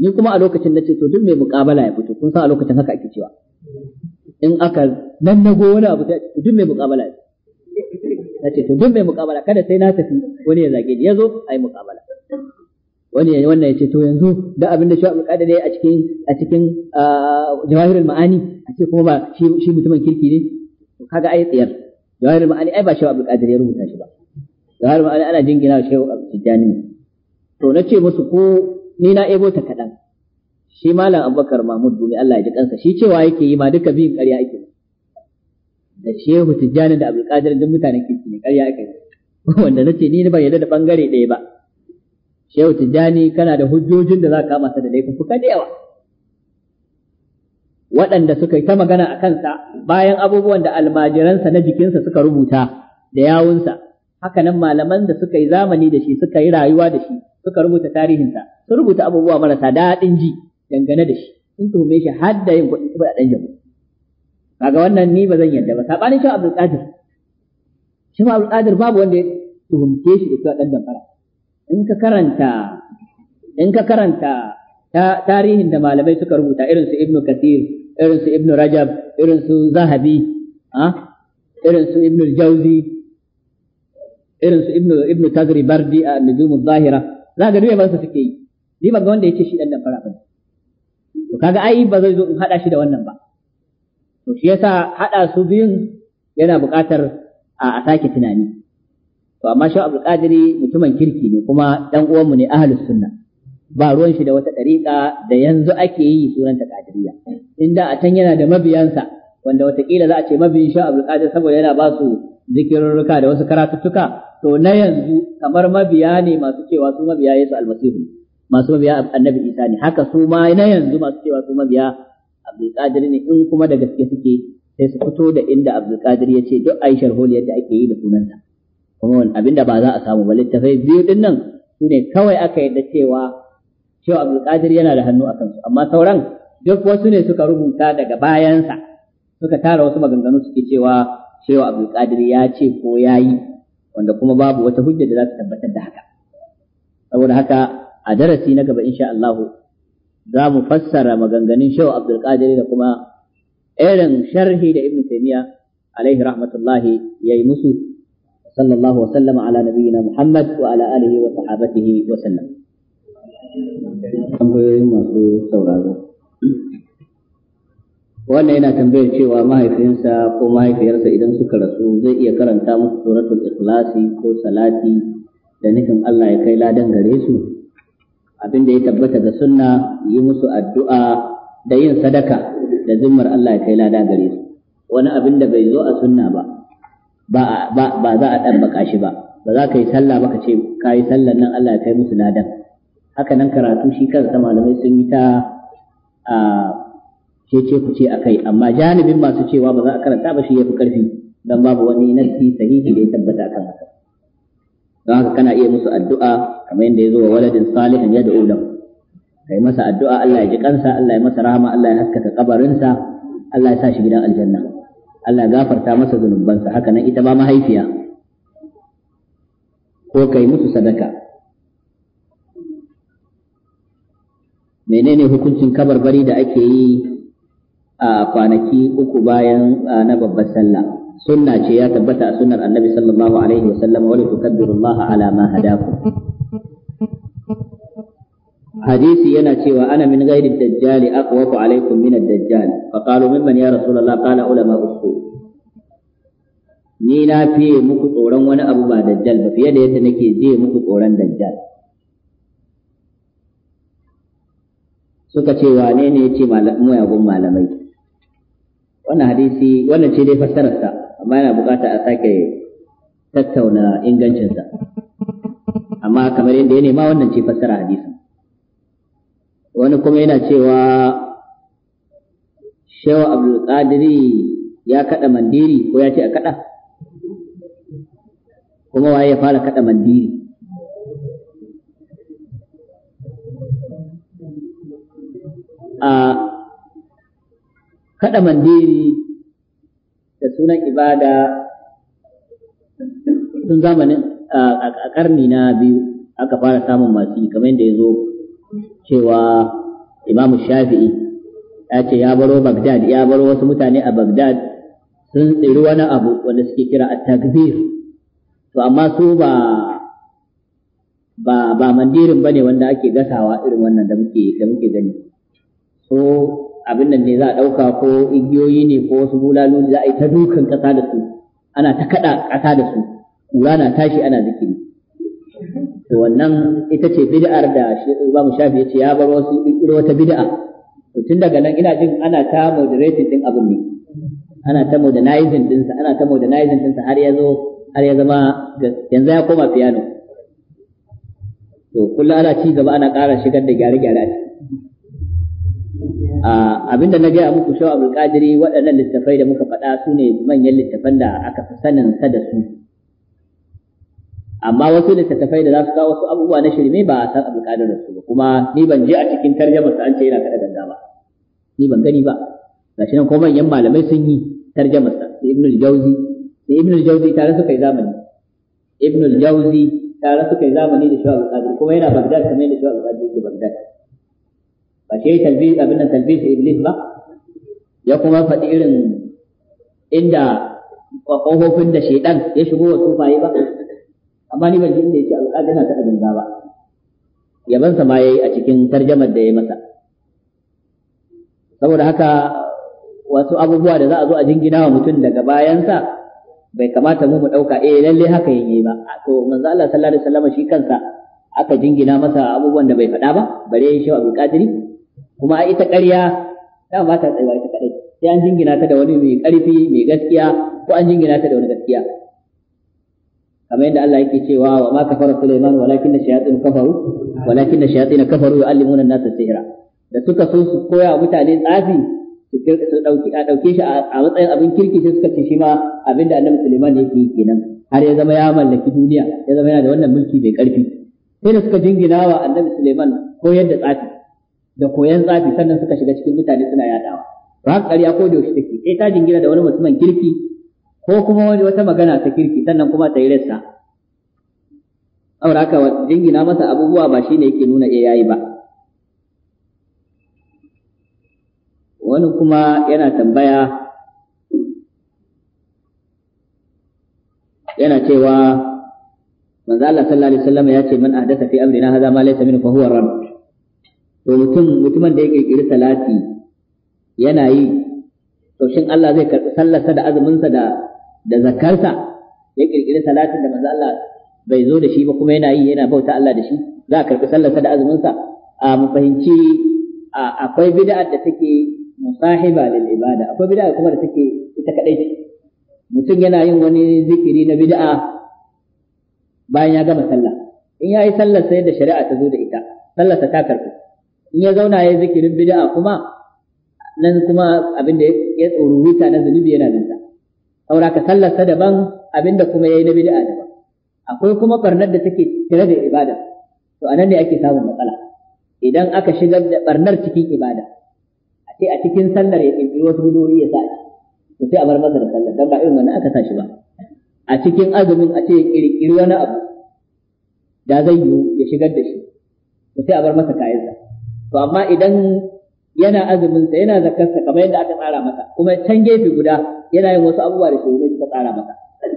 ni kuma a lokacin nace to duk mai muƙabala ya fito kun san a lokacin haka ake cewa in aka nan na go wani abu sai duk mai muƙabala ya na ce to duk mai mukabala kada sai na tafi wani ya zage ni ya zo a yi mukabala wani wannan ya ce to yanzu da abin da shi a a cikin a cikin jawahirul ma'ani a ce kuma ba shi mutumin kirki ne to kaga ai tsiyar jawahirul ma'ani ai ba Shu'aib Qadir ya rubuta shi ba jawahirul ma'ani ana jingina a Tijani to na ce musu ko ni na ebo ta kadan shi malam Abubakar Mahmud Dumi Allah ya ji kansa shi cewa yake yi ma duka biyun ƙarya yake da Shehu Tijjani da abul Qadir duk mutanen kirki ne ƙarya yake wanda nace ni ba yadda da bangare ɗaya ba shehu tijjani kana da hujjojin da za ka kama da laifin fuka da yawa waɗanda suka yi ta magana a kansa bayan abubuwan da almajiransa na jikinsa suka rubuta da yawunsa haka nan malaman da suka yi zamani da shi suka yi rayuwa da shi suka rubuta tarihinsa sun rubuta abubuwa marasa daɗin ji dangane da shi sun tuhume shi har da yin kuɗin kuɗaɗen Ba kaga wannan ni ba zan yarda ba sabanin shi Abdul Qadir shi Abdul Qadir babu wanda ya tuhumce shi da cewa ɗan damfara in ka karanta in ka karanta tarihin da malamai suka rubuta irin su Ibn Kathir irin su Ibn Rajab irin su Zahabi ha ah, irin su Ibn Jauzi irin su Ibn Ibn Bardi a Nujum Zahira za ga ba masa suke yi ni ba ga wanda yace shi dan da fara bane to kaga ai ba zai zo in hada shi da wannan ba to shi yasa hada su biyun yana buƙatar a sake tunani to amma shi abul Qadiri mutumin kirki ne kuma dan mu ne ahlus sunna ba ruwan shi da wata dariqa da yanzu ake yi sunanta Qadiriyya inda a can yana da mabiyansa wanda watakila za a ce mabiyin shi abul Qadir saboda yana ba su zikirruka da wasu karatuttuka to na yanzu kamar mabiya ne masu cewa su mabiya Yesu almasihu masu mabiya annabi Isa ne haka su ma na yanzu masu cewa su mabiya abul Qadir ne in kuma da gaske suke sai su fito da inda abul Qadir ya ce duk Aisha holiyar da ake yi da sunanta kuma da ba za a samu ba littafai biyu din nan su ne kawai aka yi cewa cewa Abdul yana da hannu a kansu. amma sauran duk wasu ne suka rubuta daga bayansa suka tara wasu maganganu suke cewa cewa Abdul ya ce ko ya yi? wanda kuma babu wata hujja da za ta tabbatar da haka saboda haka a darasi na gaba insha Allah za mu fassara maganganun Shehu Abdul da kuma irin sharhi da Ibn Taymiyyah alaihi rahmatullahi yayi musu صلى الله وسلم على نبينا محمد وعلى آله وصحابته وسلم wannan yana tambayar cewa mahaifinsa ko mahaifiyarsa idan suka rasu zai iya karanta musu suratul ikhlasi ko salati da nufin Allah ya kai ladan gare su abin da ya tabbata ga sunna yi musu addu'a da yin sadaka da zimmar Allah ya kai lada gare su wani abin da bai zo a sunna ba ba za a baka shi ba ba za ka yi sallah ba ka ce ka yi sallah nan Allah ya kai musu ladan haka nan karatu shi kansa malamai sun yi ta a cece ku ce akai amma janibin masu cewa ba za a karanta ba shi yafi karfi dan babu wani nassi sahihi da ya tabbata kan haka don haka kana iya musu addu'a kamar yadda ya zo wa waladin salihin ya da'u lahu kai masa addu'a Allah ya ji kansa Allah ya masa rahama Allah ya haskaka kabarinsa Allah ya sa shi gidan aljanna Allah gafarta masa zunubansa haka nan ita ma mahaifiya ko kai musu sadaka menene hukuncin kabarbari da ake yi a kwanaki uku bayan na babbar sallah sunna ce ya tabbata a sunnar annabi sallallahu alaihi wa sallam tukabbiru Allah ala ma hadakum hadisi yana cewa ana min ghairi dajjali aqwaqu alaikum min ad-dajjal fa qalu mimman ya rasulullah qala ulama usul ni na fiye muku tsoron wani abu ba dajjal ba fiye da yadda nake ji muku tsoron dajjal suka ce wa ne yace muyagun malamai wannan hadisi wannan ce dai fassararsa amma yana bukata a sake tattauna ingancinsa amma kamar yadda ya nema wannan ce fassara hadisi wani kuma yana cewa shewa qadiri ya kada mandiri ko ya ce a kada kuma waye ya fara kada mandiri a kada mandiri da sunan ibada tun zamanin a karni na biyu aka fara samun masu yi kamar yadda ya zo cewa Imam Shafi'i ya ce ya baro Bagdad, ya baro wasu mutane a Bagdad sun tsiri wani abu wanda suke kira a takbir to amma su ba ba ba mandirin bane wanda ake gasawa irin wannan da muke da muke gani so abin nan ne za a ɗauka ko igiyoyi ne ko wasu bulaloli za a yi ta dukan ƙasa da su ana ta kaɗa ƙasa da su ƙura na tashi ana zikiri to wannan ita ce bid'ar da shi mu Shafi ya ce ya bar wasu kirkiro wata bid'a to tun daga nan ina jin ana ta moderating din abin ne ana ta modernizing din sa ana ta modernizing din sa har ya zo har ya zama yanzu ya koma piano to kullum ana ci gaba ana ƙara shigar da gyare-gyare a abinda na gaya muku shawar kadiri waɗannan littafai da muka faɗa su ne manyan littafan da aka fi sanin sa da su amma wasu littattafai da za su kawo wasu abubuwa na shirme ba a san abin kadar da su ba kuma ni ban je a cikin tarjamar an ce yana kada ganga ba ni ban gani ba gashi nan ko manyan malamai sun yi tarjamar sa sai ibnul jauzi sai ibnul jauzi tare suka kai zamani ibnul jauzi tare suka kai zamani da shawar qadir kuma yana bagdad kamar da shawar qadir yake bagdad ba shi talbis abin nan talbis iblis ba ya kuma faɗi irin inda kofofin da shedan ya shigo wa tufaye ba amma ni ban ji inda yake al'adar na ta abin ba yabansa ma yayi a cikin tarjamar da ya masa saboda haka wasu abubuwa da za a zo a jingina wa mutum daga bayansa bai kamata mu mu dauka eh lalle haka yayi ba to manzo Allah sallallahu alaihi wasallam shi kansa aka jingina masa abubuwan da bai faɗa ba bare shi Abu Qadiri kuma ita ƙarya dan ba ta tsayuwa ita kadai sai an jingina ta da wani mai ƙarfi mai gaskiya ko an jingina ta da wani gaskiya kamar yadda Allah yake cewa wa ma kafara Sulaiman walakin shayatin kafaru walakin shayatin kafaru yu'allimuna an-nasa sihra da suka so su koya mutane tsafi su dauki a dauke shi a matsayin abin kirki sai suka ce shi ma abin da Annabi Sulaiman yake yi kenan har ya zama ya mallaki duniya ya zama yana da wannan mulki mai karfi sai da suka jingina wa Annabi Sulaiman koyar da tsafi da koyan tsafi sannan suka shiga cikin mutane suna yadawa ba ƙarya ko da yaushe take sai ta jingina da wani mutumin kirki ko kuma wani wata magana ta kirki sannan kuma ta yi rassa auraka wa jingina masa abubuwa ba shine yake nuna eh yayi ba wani kuma yana tambaya yana cewa manzo Allah sallallahu alaihi wasallam ya ce man ahdatha fi amrina hadha ma laysa minhu fa huwa rad to mutum mutumin da ya kirkiri salati yana yi to shin Allah zai karbi sallarsa da azumin sa da da zakarsa ya kirkiri salatin da manzo Allah bai zo da shi ba kuma yana yi yana bauta Allah da shi za a karɓi sallarsa da azuminsa a mu fahimci akwai bid'a da take musahiba lil ibada akwai bid'a kuma da take ita kadai ce mutum yana yin wani zikiri na bid'a bayan ya gama sallah in ya yi sallar sai da shari'a ta zo da ita sallarsa ta karɓi in ya zauna ya yi zikirin bid'a kuma nan kuma abin da ya tsoro wuta na zunubi yana da saura ka sallarsa daban abinda kuma yayi na bid'a daban akwai kuma barnar da take tare da ibada to anan ne ake samun matsala idan aka shigar da barnar cikin ibada a ce a cikin sallar ya kirkiri wasu bidoyi ya sa to sai a bar masa da sallar dan ba irin wannan aka sa shi ba a cikin azumin a ce kirkiri wani abu da zai yiwu ya shigar da shi to sai a bar masa kayansa to amma idan yana azumin sa yana sa kamar yadda aka tsara masa kuma can gefe guda yana yin wasu abubuwa da shehu suka tsara masa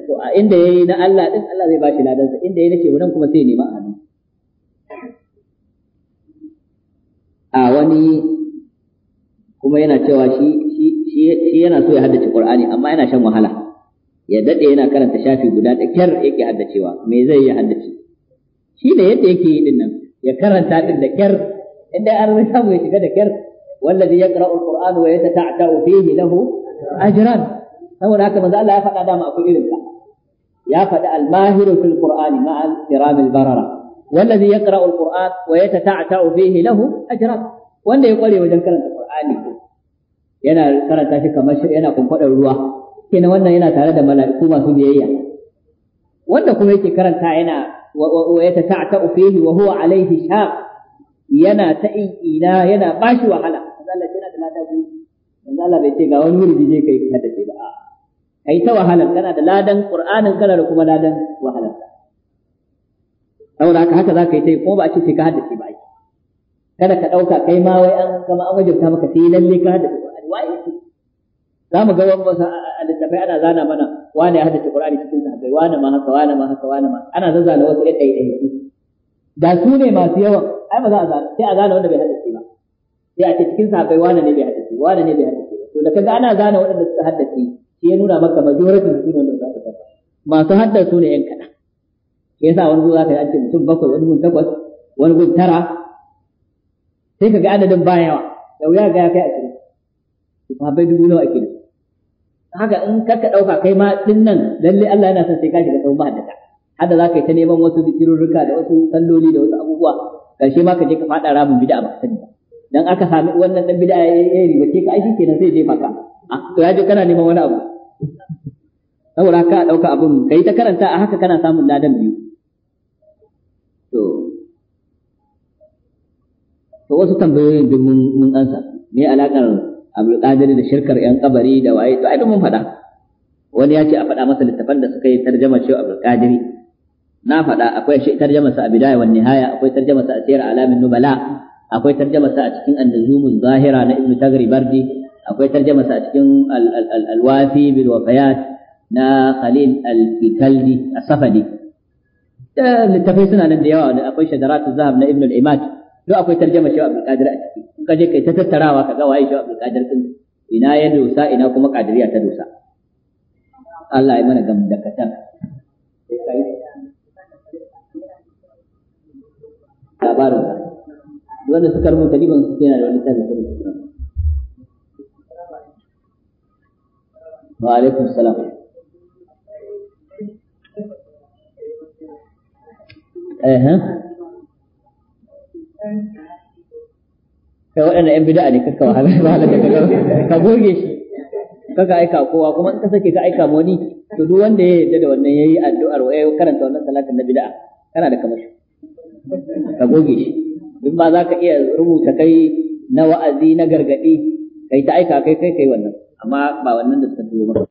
to a inda yayi na Allah din Allah zai bashi ladan sa inda yayi na shehu kuma sai nema a a wani kuma yana cewa shi shi yana so ya haddace Qur'ani amma yana shan wahala ya dade yana karanta shafi guda da kyar yake haddacewa me zai yi haddace shi da yadda yake yi din nan ya karanta din da kyar inda an samu ya shiga da kyar wallazi yaqra'u al-qur'ana wa yatata'ta'u fihi lahu ajran saboda haka maza Allah ya faɗa dama akwai irin ka ya faɗi al-mahiru fil qur'ani ma'a kiram al-barara wallazi yaqra'u al-qur'an wa yatata'ta'u fihi lahu ajran wanda ya kware wajen karanta qur'ani yana karanta shi kamar yana kunfadar ruwa kenan wannan yana tare da mala'iku masu biyayya wanda kuma yake karanta yana wa ya tata'ta fihi wa huwa alaihi shaq yana ta ina yana bashi wahala rana ta gudu Allah bai ce ga wani wuri je kai ka tafi ba a kai ta wahalar kana da ladan qur'anin kana da kuma ladan wahalar saboda haka haka za ka yi tai ko ba a ce sai ka haddace ba kada ka dauka kai ma wai an kama an wajabta maka sai lalle ka haddace qur'ani wai za mu ga wani a littafai ana zana mana wane ya haddace qur'ani cikin sahabbai wane ma haka wane ma haka wane ma ana zazzana wasu ɗaya ɗaya da su ne masu yawan ai ba za a zana sai a zana wanda bai haddace sai a ce cikin sahabbai wane ne bai haddace wane ne bai haddace to da kaga ana zana waɗanda suka haddace shi ya nuna maka majority su ne wanda za ka masu haddace su ne yan kaɗan shi yasa wani gun za ka yi an mutum bakwai wani gun takwas wani gun tara sai ka ga adadin ba yawa da wuya ga ya kai ashirin sahabbai dubu nawa ake da haka in ka ɗauka kai ma ɗin nan lalle Allah yana son sai ka shiga tsawon ba Hadda hada za ka yi ta neman wasu zikirurruka da wasu salloli da wasu abubuwa ƙarshe ma ka je ka faɗa ramin bid'a ba sani dan aka sami wannan dan bid'a ya yi riba ke ka aiki kenan sai je maka ah, to ya je kana neman wani abu saboda ka dauka abun kai ta karanta a haka kana samun ladan biyu to to wasu tambayoyi din mun mun ansa me alakar Abdul Qadir da shirkar yan kabari da waye to ai mun faɗa wani ya ce a faɗa masa littafan da suka yi tarjama cewa Abdul Qadir na faɗa akwai shi tarjama sa a bidaya wan nihaya akwai tarjama sa a sirr alamin nubala akwai tarjamasa a cikin an-nuzumun zahira na ibnu tagribardi akwai tarjamasa a cikin al-wafi bil wafayat na khalil al-kikaldi a safadi da littafai suna nan da yawa da akwai shadaratu zahab na ibnu al-imad duk akwai tarjama shi abdul qadir a ciki in ka je kai ta tattarawa ka ga waye shi abdul qadir din ina ya dosa ina kuma qadiriya ta dosa Allah ya mana gam da katar labarin wanda suka rubuta liban su yana da wani tsari da rubuta wa alaikum salam eh kai waɗanda ‘yan bida'a ne kakka wahala wahala ka ka goge shi kaka aika kowa kuma in ka sake ka aika ma wani to duk wanda ya yarda da wannan yayi addu'ar ya karanta wannan salatin na bida'a kana da kamar ka goge shi duk ma za ka iya rubuta kai na wa'azi na gargaɗi kai ta aika kai kai kai wannan amma ba wannan da suka turo maka